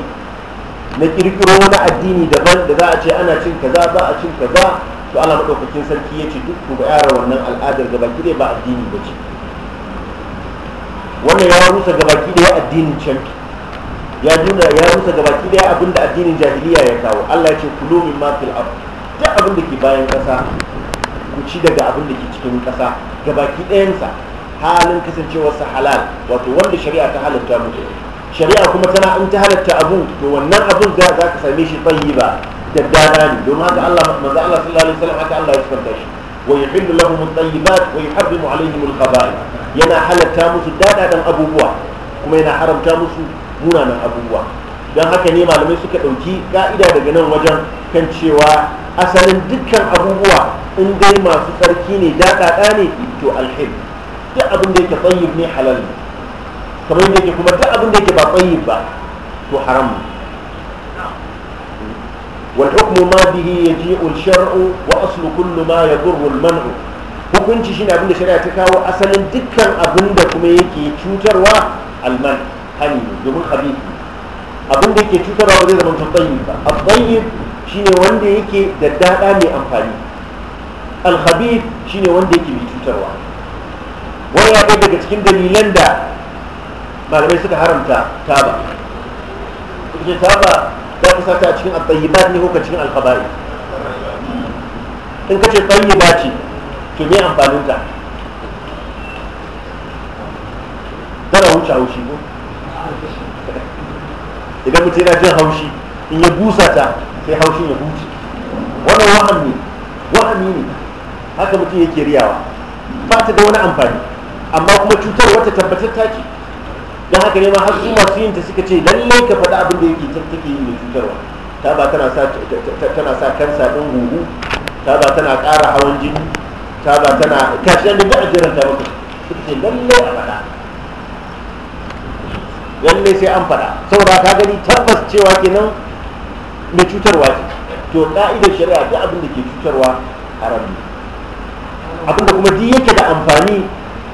na ƙirƙiro wani addini daban da za a ce ana cin kaza za a cin kaza to ana maɗaukakin sarki ya ce duk ku ga yara wannan al'adar gaba ki ba addini ba ce wannan ya rusa gabaki daya addinin canfi ya nuna ya rusa gabaki daya abinda addinin jahiliya ya kawo Allah ya ce kulu min mafil fil ard duk abin da ke bayan kasa ku ci daga abin da ke cikin kasa gabaki dayansa halin kasancewarsa halal wato wanda shari'a ta halatta mutu shari'a kuma tana in ta halatta abu to wannan abin za ka same shi tsayi ba da dana ne domin haka Allah maza Allah sallallahu alaihi wasallam haka Allah ya sifanta shi wa yuhillu lahum at-tayyibat wa yuharrimu alayhim al-khaba'ith yana halatta musu dadadan abubuwa kuma yana haramta musu munanan abubuwa don haka ne malamai suka ɗauki ka'ida daga nan wajen kan cewa asalin dukkan abubuwa in dai masu tsarki ne daɗaɗa ne to alhib duk abin da yake tsayib ne halal ne kamar yadda yake kuma duk abin da yake ba tsayib ba to haram ne والحكم ما به يجيء الشرع وأصل كل ما يضر المنع hukunci shine abinda shari'a ta kawo asalin dukkan abin da kuma yake cutarwa alman hani domin habibi da yake cutarwa ba zai zama tsayi ba a abbayi shine wanda yake da dada mai amfani alhabib shine wanda yake mai cutarwa wani ya daga cikin dalilan da malamai suka haramta taba ita taba za ka sata a cikin al-tayyibat ne ko ka cikin al-khaba'i in kace tayyiba ce to me amfanin ta kada wuce haushi ko idan mutum yana jin haushi in ya busa ta sai haushin ya buce wannan ne wa'ami ne haka mutum yake riyawa ba ta da wani amfani amma kuma cutar wata tabbatar ta ce don haka ne ma har su masu yin ta suka ce lallai ka faɗi abin da yake take yi mai cutarwa ta ba tana sa kan sa kansa ɗin ta ba tana ƙara hawan jini ta ba tana kashi yadda da a ta mutu suka ce lallai a faɗa lallai sai an faɗa saboda ka gani tabbas cewa kenan mai cutarwa ce to ƙa'idar shari'a duk abin da ke cutarwa a rabu abin da kuma duk yake da amfani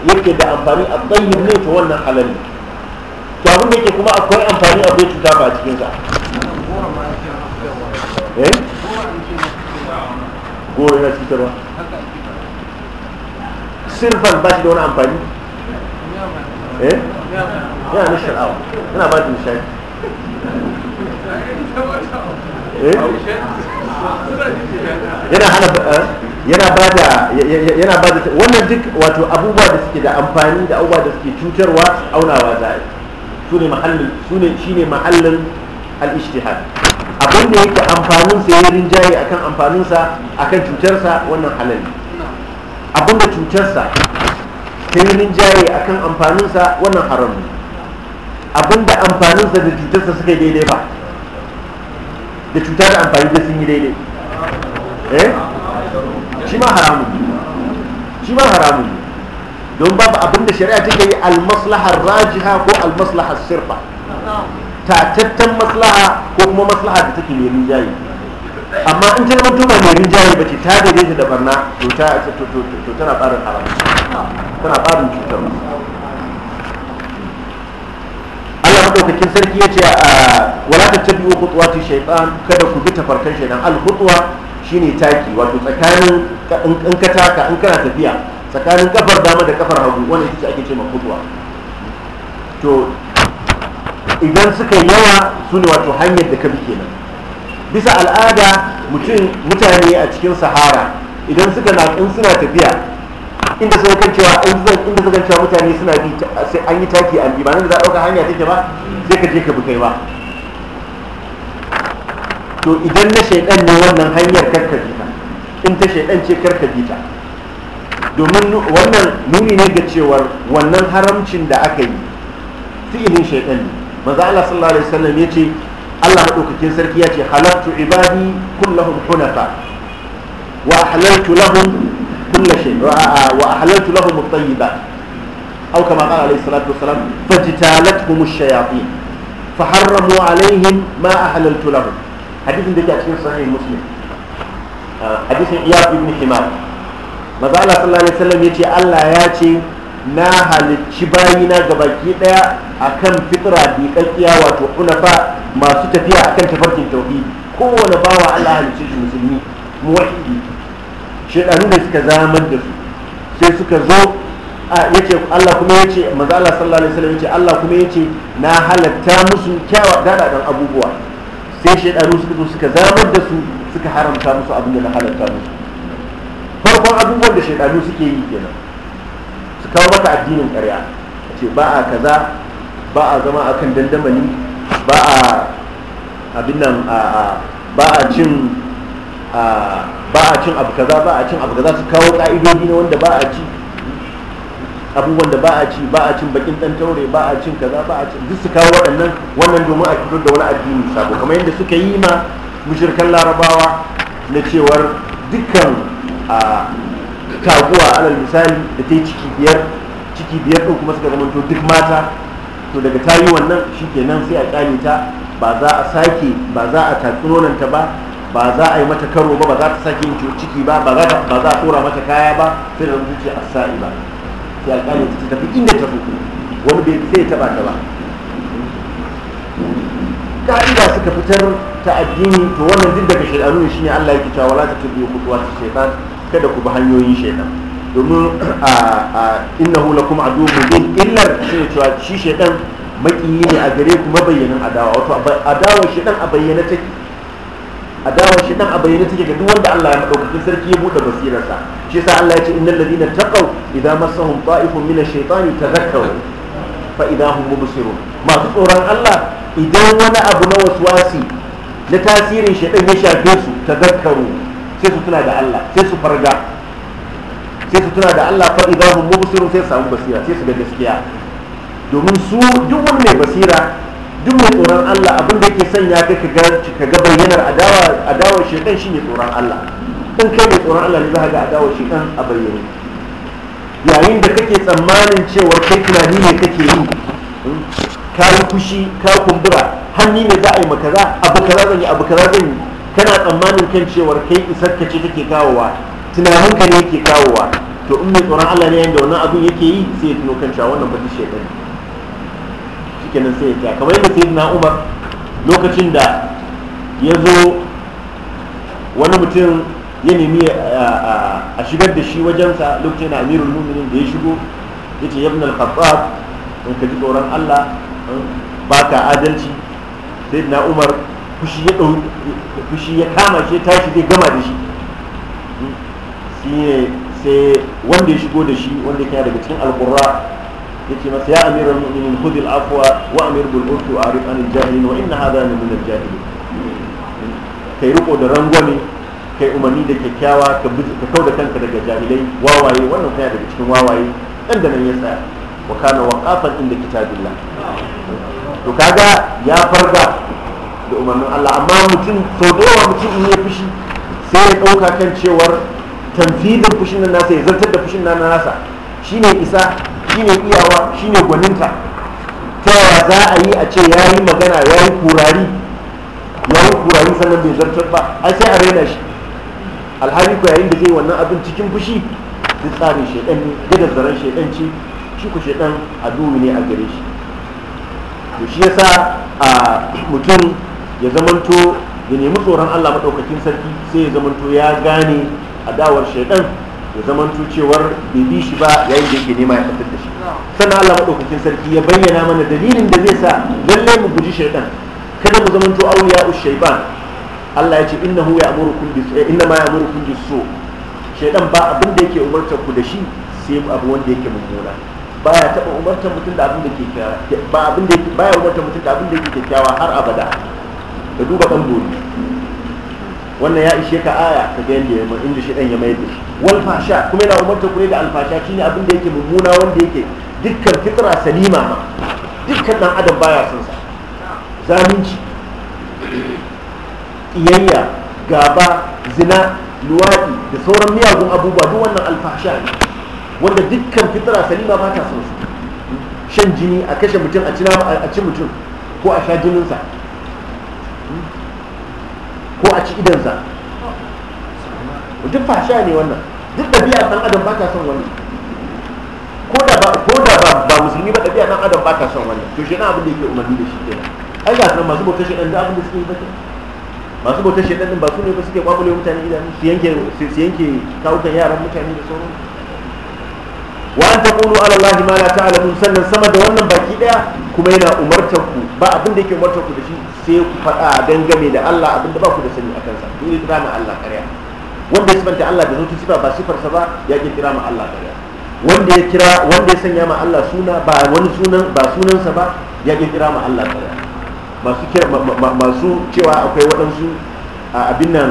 yake da amfani a tsayin ne ta wannan halal abin da ke kuma akwai amfani a bai cuta ba a cikinsa eh na cutarwa sirfan ba shi da wani amfani eh yana na sha'awa yana ba da nishadi eh? yana hana eh? yana ba da yana ba da wannan duk wato abubuwa da suke da amfani da abubuwa da suke cutarwa aunawa za a yi su ne mahallin su ne shi ne mahallin al-ijtihad abin da yake amfanin sa ya rinjaye akan amfanin sa akan cutar sa wannan halali abin da cutar sa ta yi rinjaye akan amfanin sa wannan haram ne abin da amfanin sa da cutar sa suka daidai ba da cuta da amfani da sun yi daidai eh shi ma haramun shi ma haramun don babu abin da shari'a take yi almaslahar rajiha ko almaslahar sirfa tatattan maslaha ko kuma maslaha da take mai rinjaye amma in ta zama ba mai rinjaye ba ce ta daidaita da barna to tana tsarin haram tana tsarin cutar maɗaukakin sarki ya ce a wala ta tabi wa kutuwati shaitan kada ku bi tafarkan shaitan al shine taki wato tsakanin in ka taka in kana tafiya tsakanin kafar dama da kafar hagu wani ita ake ce makutuwa to idan suka yawa su ne wato hanyar da ka bi kenan bisa al'ada mutum mutane a cikin sahara idan suka na in suna tafiya inda suka kan cewa inda suka cewa mutane suna bi sai an yi taki an bi ba nan da za a ɗauka hanya take ba sai ka je ka bi kai ba to idan na shaidan ne wannan hanyar karka bi ta in ta shaidan ce karka bi ta domin wannan nuni ne ga cewar wannan haramcin da aka yi fi'ilin shaitan ne maza Allah sallallahu alaihi wasallam ya ce Allah madaukakin sarki ya ce halattu ibadi kullahum hunafa wa halaltu lahum kulla shay wa halaltu lahum at-tayyibat aw kama qala alaihi salatu wasalam fajtalatuhum ash-shayatin faharramu alaihim ma ahlaltu da ke a cikin sahih uh, maza Allah sallallahu alaihi wasallam ya ce Allah ya ce na halicci bayina ga baki daya akan fitra biƙaƙƙiya wato unafa masu tafiya akan tafarkin tauhidi kowane bawa Allah halicce shi musulmi muwahidi shedanu da suka zaman da su sai suka zo yace Allah kuma yace manzo Allah sallallahu alaihi wasallam yace Allah kuma yace na halatta musu kyawa dadadan abubuwa sai shedanu suka zo suka zaman da su suka haramta musu abin da na halatta musu farkon abubuwan da shaidanu suke yi kenan su kawo maka addinin ƙarya a ce ba a kaza ba a zama a kan dandamali ba a abin nan ba a cin ba a cin abu kaza ba a cin abu kaza su kawo ƙa'idodi na wanda ba a ci abubuwan da ba a ci ba a cin bakin dan taure ba a cin kaza ba a cin duk su kawo waɗannan wannan domin a fitar da wani addini sabo kamar yadda suka yi ma mushirkan larabawa na cewar dukkan a kaguwa alal misali da ta yi ciki biyar ciki biyar ɗin kuma suka zamanto duk mata to daga ta yi wannan shikenan sai a ƙane ta ba za a sake ba za a tatsi nonanta ba ba za a yi mata karo ba ba za ta sake yin ciki ba ba za a tsora mata kaya ba sai da zama ce a sa'i ba sai a ƙane ta tafi inda ta fi wani bai sai taɓa ta ba ka'ida suka fitar ta addini to wannan duk daga shi ne shine Allah yake cewa wala ta tabi'u ta shaytan kada ku bi hanyoyin shaidan domin a hula a innahu lakum aduwwun mubin illar shi cewa shi shaidan makiyi ne a gare ku mabayyanin adawa wato adawar shaidan a bayyana take adawar shaidan a bayyana take ga duk wanda Allah ya madaukakin sarki ya bude basirarsa shi yasa Allah ya ce innal ladina taqaw idza massahum ta'ifun min ash-shaytani tadhakkaru fa idza hum mubsirun masu tsoron Allah idan wani abu na waswasi na tasirin shaidan ya shafe su tadhakkaru sai su tuna da Allah sai su farga sai su tuna da Allah fa idahum mubsirun sai su samu basira sai su ga gaskiya domin su duk wani mai basira duk mai tsoron Allah abin da yake sanya ka ka ka ga bayyanar adawa adawar shedan shine tsoron Allah in kai mai tsoron Allah ne za ka ga adawar shedan a bayyane yayin da kake tsammanin cewa kai tunani ne kake yi ka yi fushi ka kumbura hannu ne za a yi makaza abu kaza zan yi abu kaza zan yi kana tsammanin kan cewar kai isar ka ce take kawowa tunanin ka ne yake kawowa to in mai tsoron Allah ne yanda wannan abin yake yi sai ya tuno kan cewa wannan ba shi shaitan nan sai ya ja kamar yadda sayyidina Umar lokacin da ya zo wani mutum ya nemi eh, eh, a shigar da shi wajensa lokacin da amirul muminin da ya shigo ya ce yabnal khattab in ka ji tsoron Allah ba ka adalci sayyidina Umar fushi ya ɗau kama shi tashi zai gama da shi sai wanda ya shigo da shi wanda yake daga cikin alqurra yace masa ya amiral mu'minin khudh afuwa afwa wa amir bil urfi wa arif anil jahilin wa inna hadha min al-jahilin kai riko da rangwani kai umarni da kyakkyawa ka kau da kanka daga jahilai wawaye wannan tana daga cikin wawaye dan da nan ya tsaya wa kana waqafan inda kitabillah to kaga ya farga da umarnin Allah amma mutum sau da yawa mutum in ya fushi sai ya ɗauka kan cewar tamfidin fushin nan nasa ya zartar da fushin nan nasa shine isa shine iyawa shine gwaninta ta yaya za a yi a ce ya yi magana ya yi kurari ya yi kurari sannan bai zartar ba ai sai a raina shi alhali ko yayin da zai wannan abin cikin fushi zai tsarin shaidan ne gidan zaren shaidan ce shi ku shaidan dumi ne a gare shi to shi yasa a mutum ya zamanto ya nemi tsoron Allah maɗaukakin sarki sai ya zamanto ya gane a dawar shaidan ya zamanto cewar bai bi shi ba yayin da yake nema ya fitar da shi sannan Allah maɗaukakin sarki ya bayyana mana dalilin da zai sa lalle mu guji shaidan kada mu zamanto auliya shaiban Allah ya ce innahu ya'murukum bis eh, inna ma ya'murukum bis su shaidan ba abin da yake umartar ku da shi sai abu wanda yake mummuna baya taba umartar mutum da abin da ke ba abin da baya umartar mutum da abin da yake kyakkyawa har abada ka duba ɗan bori wannan ya ishe ka aya ka ga yadda ya inda shi ɗan ya mayar da shi wal fasha kuma yana umarta ku ne da alfasha shine abin da yake mummuna wanda yake dukkan fitra salima ma dukkan ɗan adam baya son sa zalunci ƙiyayya gaba zina luwaɗi da sauran miyagun abubuwa duk wannan alfasha ne wanda dukkan fitra salima ba ta son shan jini a kashe mutum a ci mutum ko a sha jininsa ko a ci idansa duk fasha ne wannan duk ɗabi'a ɗan adam ba ta son wannan ko da ba ko da ba ba musulmi ba ɗabi'a ɗan adam ba ta son wannan to shi na abin da yake umarni da shi kenan ai ga nan masu bautar shaidan da abin da suke yi bata, masu bautar shaidan din ba su ne ba suke kwakwale mutane idan su yanke su yanke kawukan yaran mutane da sauransu wa an taqulu ala allahi ma la ta'lamun sannan sama da wannan baki daya kuma yana umartar ku ba abin da yake umartar ku da shi sai ku faɗa dangane da Allah abin da ba ku da sani akan sa to yi kira Allah kariya wanda ya sifanta Allah da zo sifa ba sa ba ya ke kira ma Allah kariya wanda ya kira wanda ya sanya ma Allah suna ba wani sunan ba sunansa ba ya ke kira ma Allah kariya masu kira masu cewa akwai waɗansu abin nan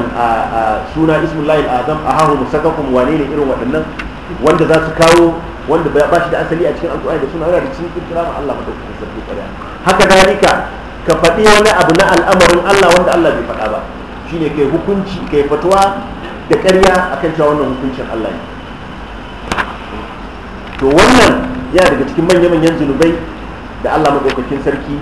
suna ismullahi azam a hahu musakakum wane ne irin waɗannan wanda za su kawo wanda ba shi da asali a cikin alkur'ani da suna yana da cikin kirkira ma Allah madaukakin sarki ƙarya haka dalika ka faɗi wani abu na al'amarin Allah wanda Allah bai faɗa ba shine kai hukunci kai fatuwa da ƙarya akan cewa wannan hukuncin Allah ne to wannan yana daga cikin manya-manyan zunubai da Allah madaukakin sarki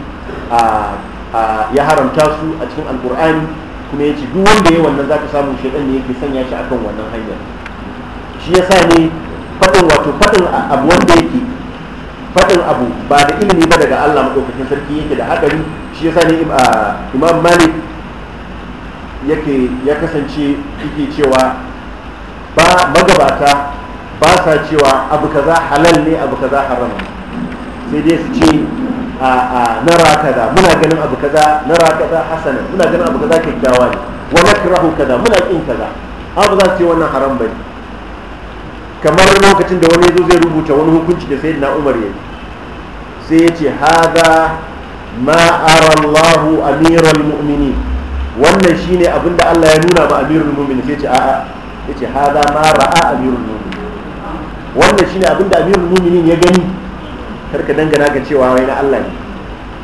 ya haramta su a cikin alkur'ani kuma ya ce duk wanda ya wannan za ka samu shaidan ne yake sanya shi akan wannan hanyar shi ya sa ne faɗin wato faɗin abu wanda yake faɗin abu ba da ilimi ba daga Allah maɗaukakin sarki yake da haɗari shi yasa sani ah, imam malik yake ya kasance yake cewa ba magabata ba sa cewa abu kaza halal ne abu kaza haram sai dai su ce a ah, ah, nara kaza muna ganin abu kaza nara kaza hasana muna ganin abu kaza kyakkyawa ne wa nakrahu kaza muna kin kaza abu za su ce wannan haram bane kamar lokacin da wani zai rubuta wani hukunci da sayyidina umar yayi sai ya ce haza ma arallahu amiral mu'mini wannan shine abinda Allah ya nuna ma amirul mu'mini sai ce a'a yace haza ma ra'a amirul mu'mini wannan shine abinda amirul mu'mini ya gani karka dangana ga cewa wai na Allah ne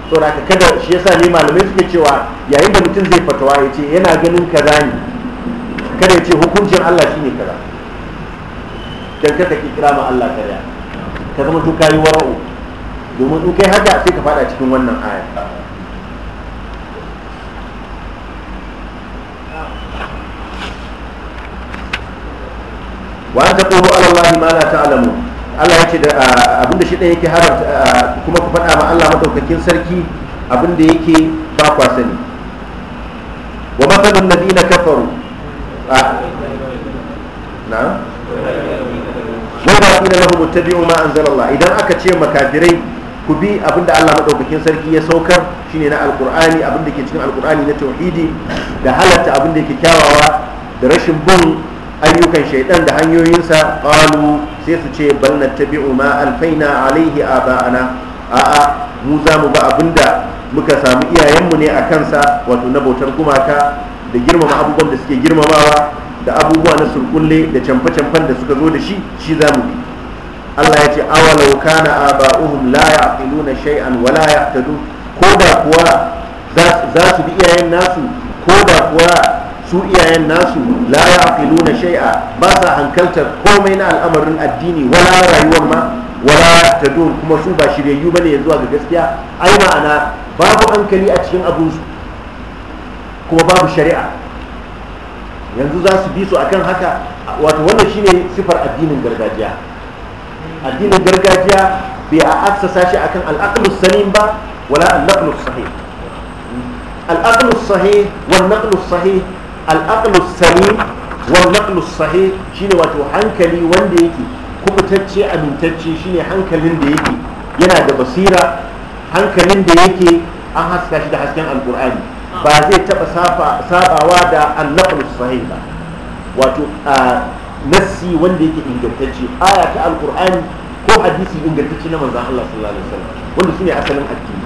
to da ka kada shi yasa ne malamai suke cewa yayin da mutum zai fatawa ce yana ganin kaza ne kada ya ce hukuncin Allah shine kaza dan ka ki kira ma Allah kariya ka zama to yi wara'u domin in kai haka sai ka fada cikin wannan aya wa an taqulu ala Allah ma la ta'lamu Allah yace da da shi dan yake haramta kuma ku fada ma Allah madaukakin sarki abin da yake ba kwa sani wa mathalun alladhina kafaru na qila lahu muttabi'u ma Allah idan aka ce makafirai ku bi abinda Allah madaukakin sarki ya saukar shine na alqur'ani abinda ke cikin alqur'ani na tauhidi da halatta abinda yake kyawawa da rashin bin ayyukan shaidan da hanyoyinsa qalu sai su ce bal nattabi'u ma alfaina alaihi aba'ana a'a mu za mu ba abinda muka samu iyayenmu ne a kansa wato na bautar gumaka da girmama abubuwan da suke girmamawa da abubuwa na surkulle da camfe-camfen da suka zo da shi shi za mu bi Allah ya ce awalau kana aba'uhum la ya'qiluna shay'an wa la yahtadun ko da kuwa za su bi iyayen nasu ko da kuwa su iyayen nasu la ya'qiluna shay'a ba sa hankaltar komai na al'amarin addini wala rayuwar ma wala yahtadun kuma su ba shiryayyu bane yanzu ga gaskiya ai ma'ana babu hankali a cikin abun su kuma babu shari'a yanzu za su bi su akan haka wato wannan shine siffar addinin gargajiya addinin gargajiya bai a assasa shi akan al'aqlus salim ba wala al sahi sahih sahi aqlus wal naqlus sahi al-aqlus salim wal naqlus sahi shine wato hankali wanda yake kubutacce amintacce shine hankalin da yake yana da basira hankalin da yake an haska shi da hasken alqur'ani ba zai taba sabawa da al-naqlus sahih ba wato nassi wanda yake ingantacce aya ta alkur'ani ko hadisi ingantacce na manzan Allah sallallahu alaihi wasallam wanda shine asalin addini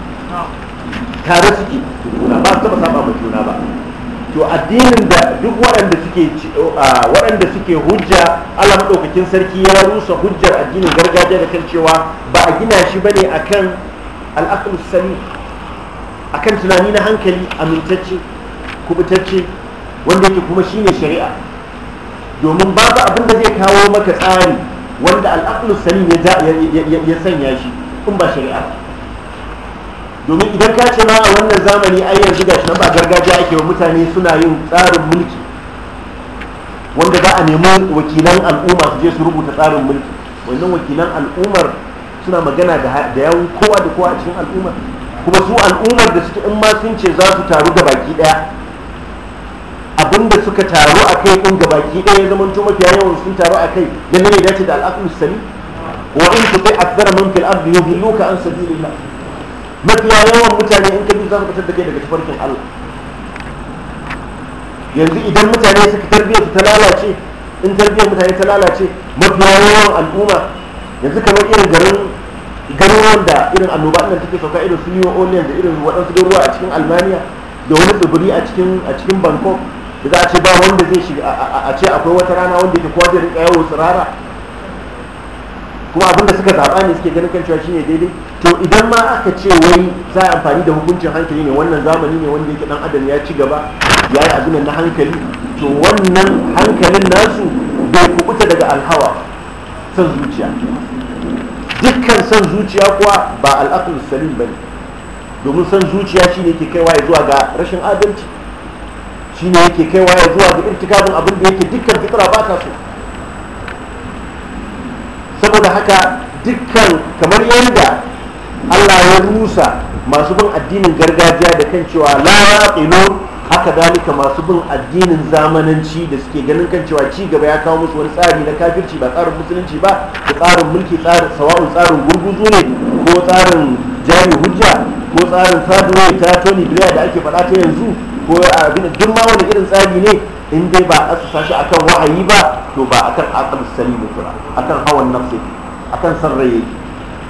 tare suke juna ba taba saba ma juna ba to addinin da duk waɗanda suke waɗanda suke hujja Allah madaukakin sarki ya rusa hujjar addinin gargajiya da kan cewa ba a gina shi bane akan al-aqlu akan tunani na hankali amintacce kubutacce wanda yake kuma shine shari'a domin babu abin da zai kawo maka tsari wanda al'aklus salim ya sanya shi in ba shari'a domin idan ka ce ma a wannan zamani ai yanzu gashi nan ba gargajiya ake wa mutane suna yin tsarin mulki wanda za a nemi wakilan al'umma su je su rubuta tsarin mulki wannan wakilan al'ummar suna magana da yawu kowa da kowa a cikin al'ummar kuma su al'ummar da suke in ma sun ce za su taru da baki daya abinda suka taru a kai ɗin ki ɗaya ya zamanto mafiya yawan sun taru a kai lalle ne dace da al'aqlu sami wa in tuti akthara man fil ardi yudilluka an sabilillah mafiya yawan mutane in bi za ka fitar da kai daga tafarkin Allah yanzu idan mutane suka tarbiyyar su ta lalace in tarbiyyar mutane ta lalace mafiya yawan al'umma yanzu kamar irin garin garin wanda irin annoba nan take sauka irin su new orleans da irin waɗansu ruwa a cikin almaniya da wani tsibiri a cikin bangkok da za a ce ba wanda zai shiga a ce akwai wata rana wanda ke kowa rika tsirara kuma abinda suka zaɓa ne suke ganin kancewa cewa shine daidai to idan ma aka ce wai za a amfani da hukuncin hankali ne wannan zamani ne wanda yake dan adam ya ci gaba ya yi abinan na hankali to wannan hankalin nasu bai kubuta daga alhawa son zuciya dukkan son zuciya kuwa ba al'aqlu salim bane domin son zuciya shine ke kaiwa zuwa ga rashin adalci shi ne yake kaiwa ya zuwa da irtikabin abin da yake dukkan fitra ba ta so saboda haka dukkan kamar yadda allah ya rusa masu bin addinin gargajiya da kan cewa la ya haka dalika masu bin addinin zamananci da suke ganin kan cewa ci gaba ya kawo musu wani tsari na kafirci ba tsarin musulunci ba da tsarin mulki tsarin sawa'un tsarin gurguzu ne ko tsarin jami hujja ko tsarin saduwa ta tony blair da ake faɗa ta yanzu ko abin da ma wani irin tsari ne in dai ba a su sashi akan wa'ayi ba to ba akan akal salimu a akan hawan nafsi akan sarraye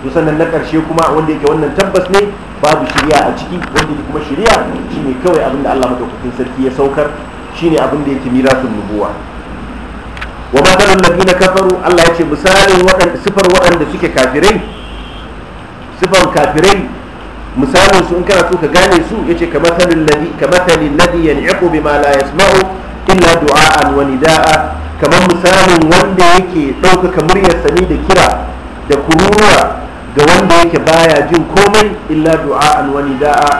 to sannan na karshe kuma wanda yake wannan tabbas ne babu shirya a ciki wanda yake kuma shirya shine kawai abin da Allah madaukakin sarki ya saukar shine abin da yake mirasun nubuwa wa ma dalal ladina kafaru Allah ya ce misalin waɗanda sifar waɗanda suke kafirai kafirai misalin su in kana so ka gane su yace kamathalil ladhi kamathalil ladhi yan'iqu bima la yasma'u illa du'a'an wa nida'a kamar misalin wanda yake ɗaukaka ya sani da kira da kururuwa ga wanda yake baya jin komai illa du'a'an wa nida'a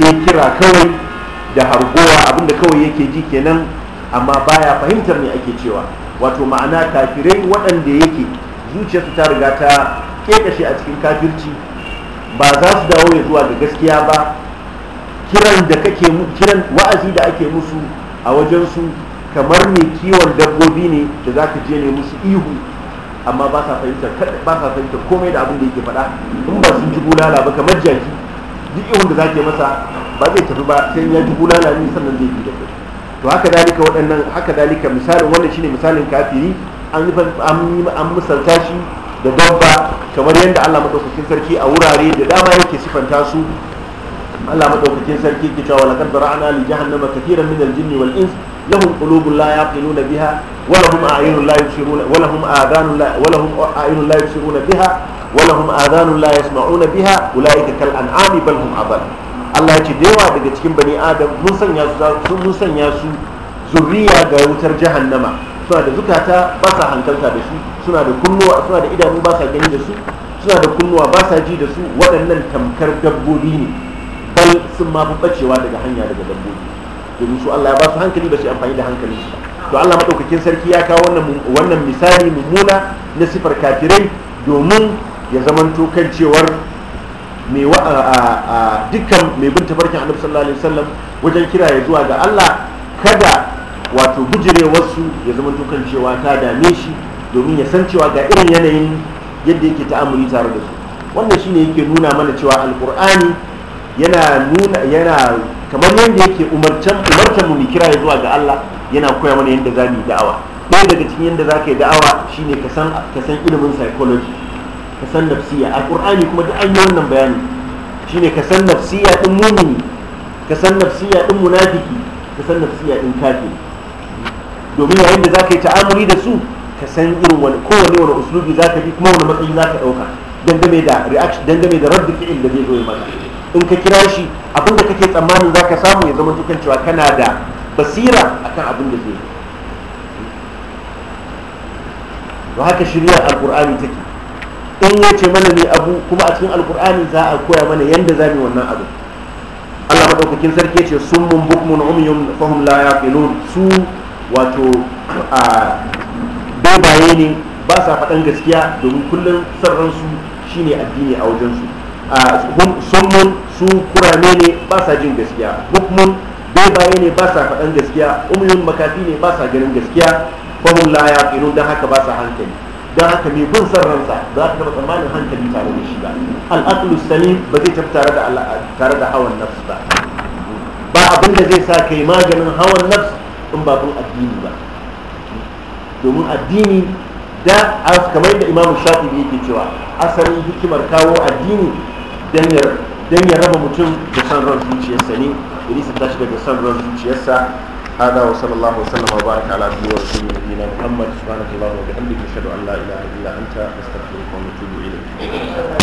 sai kira kawai da harguwa abinda kawai yake ji kenan amma baya fahimtar me ake cewa wato ma'ana kafirai waɗanda yake zuciyarsu ta riga ta kekashe a cikin kafirci ba za su dawo ya zuwa ga gaskiya ba kiran da kake kiran wa'azi da ake musu a wajen su kamar mai kiwon dabbobi ne da za ka je ne musu ihu amma ba sa fahimtar ba sa komai da abin da yake faɗa in ba su ji bulala ba kamar jaki duk ihun da za ke masa ba zai tafi ba sai ya ji bulala ne sannan zai bi da kai to haka dalika waɗannan haka dalika misalin wannan shine misalin kafiri an an misalta shi da dabba kamar yadda Allah madaukakin sarki a wurare da dama yake sifanta su Allah madaukakin sarki ke cewa laqad bara'na li jahannama kathiran min al-jinni wal ins lahum qulubun la yaqiluna biha wa lahum a'yunun la yubsiruna wa lahum adhanun la wa lahum a'yunun la yubsiruna biha wa lahum adhanun la yasma'una biha ulaika kal an'ami bal hum adall Allah ya ce da yawa daga cikin bani adam mun sanya su mun sanya su zuriya ga wutar jahannama suna da zukata ba sa hankalta da su suna da kunnuwa suna da idanu ba sa gani da su suna da kunnuwa ba sa ji da su waɗannan tamkar dabbobi ne bal sun ma fi bacewa daga hanya daga dabbobi domin su Allah ya ba su hankali ba su amfani da hankalin su to Allah madaukakin sarki ya kawo wannan wannan misali mummuna na sifar kafirai domin ya zamanto kan cewar mai dukkan mai bin tafarkin annabi sallallahu alaihi wasallam wajen kira ya zuwa ga Allah kada wato wasu ya zama tukan cewa ta dame shi domin ya san cewa ga irin yanayin yadda yake ta'amuri tare da su wannan shine yake nuna mana cewa alkur'ani yana nuna yana kamar yadda yake umarcan umarcan mu kira ya zuwa ga Allah yana koya mana yadda za mu yi da'awa ɗaya daga cikin yadda za ka yi da'awa shine ka san ka san ilimin psychology ka san nafsiya alkur'ani kuma duk an yi wannan bayani shine ka san nafsiya din mumini ka san nafsiya din munafiki ka san nafsiya din kafiri domin yayin da za ka yi ta'amuli da su ka san irin wani kowane wani uslubi za ka bi kuma wani matsayi za ka ɗauka dangane da reaction dangame da rabbi fi'il da zai zo ya maka in ka kira shi abin da kake tsammanin za ka samu ya zama tukan cewa kana da basira akan abin da zai to haka shirya alkur'ani take in ya ce mana ne abu kuma a cikin alkur'ani za a koya mana yadda za mu wannan abu Allah maɗaukakin sarki ya ce mun bukmun umyun fahum la yaqilun su wato a babaye ne ba sa faɗan gaskiya domin kullum sarransu shine addini a wajensu summun su kurame ne ba sa jin gaskiya bukmun babaye ne ba sa faɗan gaskiya umyun makafi ne ba sa ganin gaskiya fahim la ya ƙinu don haka ba sa hankali don haka mai bin son ransa za ka taɓa tsammanin hankali tare da shi ba al'aqlu salim ba zai tafi tare da tare da hawan nafs ba ba abin da zai sa kai maganin hawan nafs in ba kun addini ba domin addini da as kamar da imam shafi'i yake cewa asalin hikimar kawo addini dan ya raba mutum da san ran zuciyarsa ne iris ta shiga da san ran zuciyarsa hada wa sallallahu alaihi wasallam wa baraka ala sayyidina wa sayyidina nabiyina muhammad subhanahu wa ta'ala wa bihamdihi ashhadu an la ilaha illa anta astaghfiruka wa atubu ilayk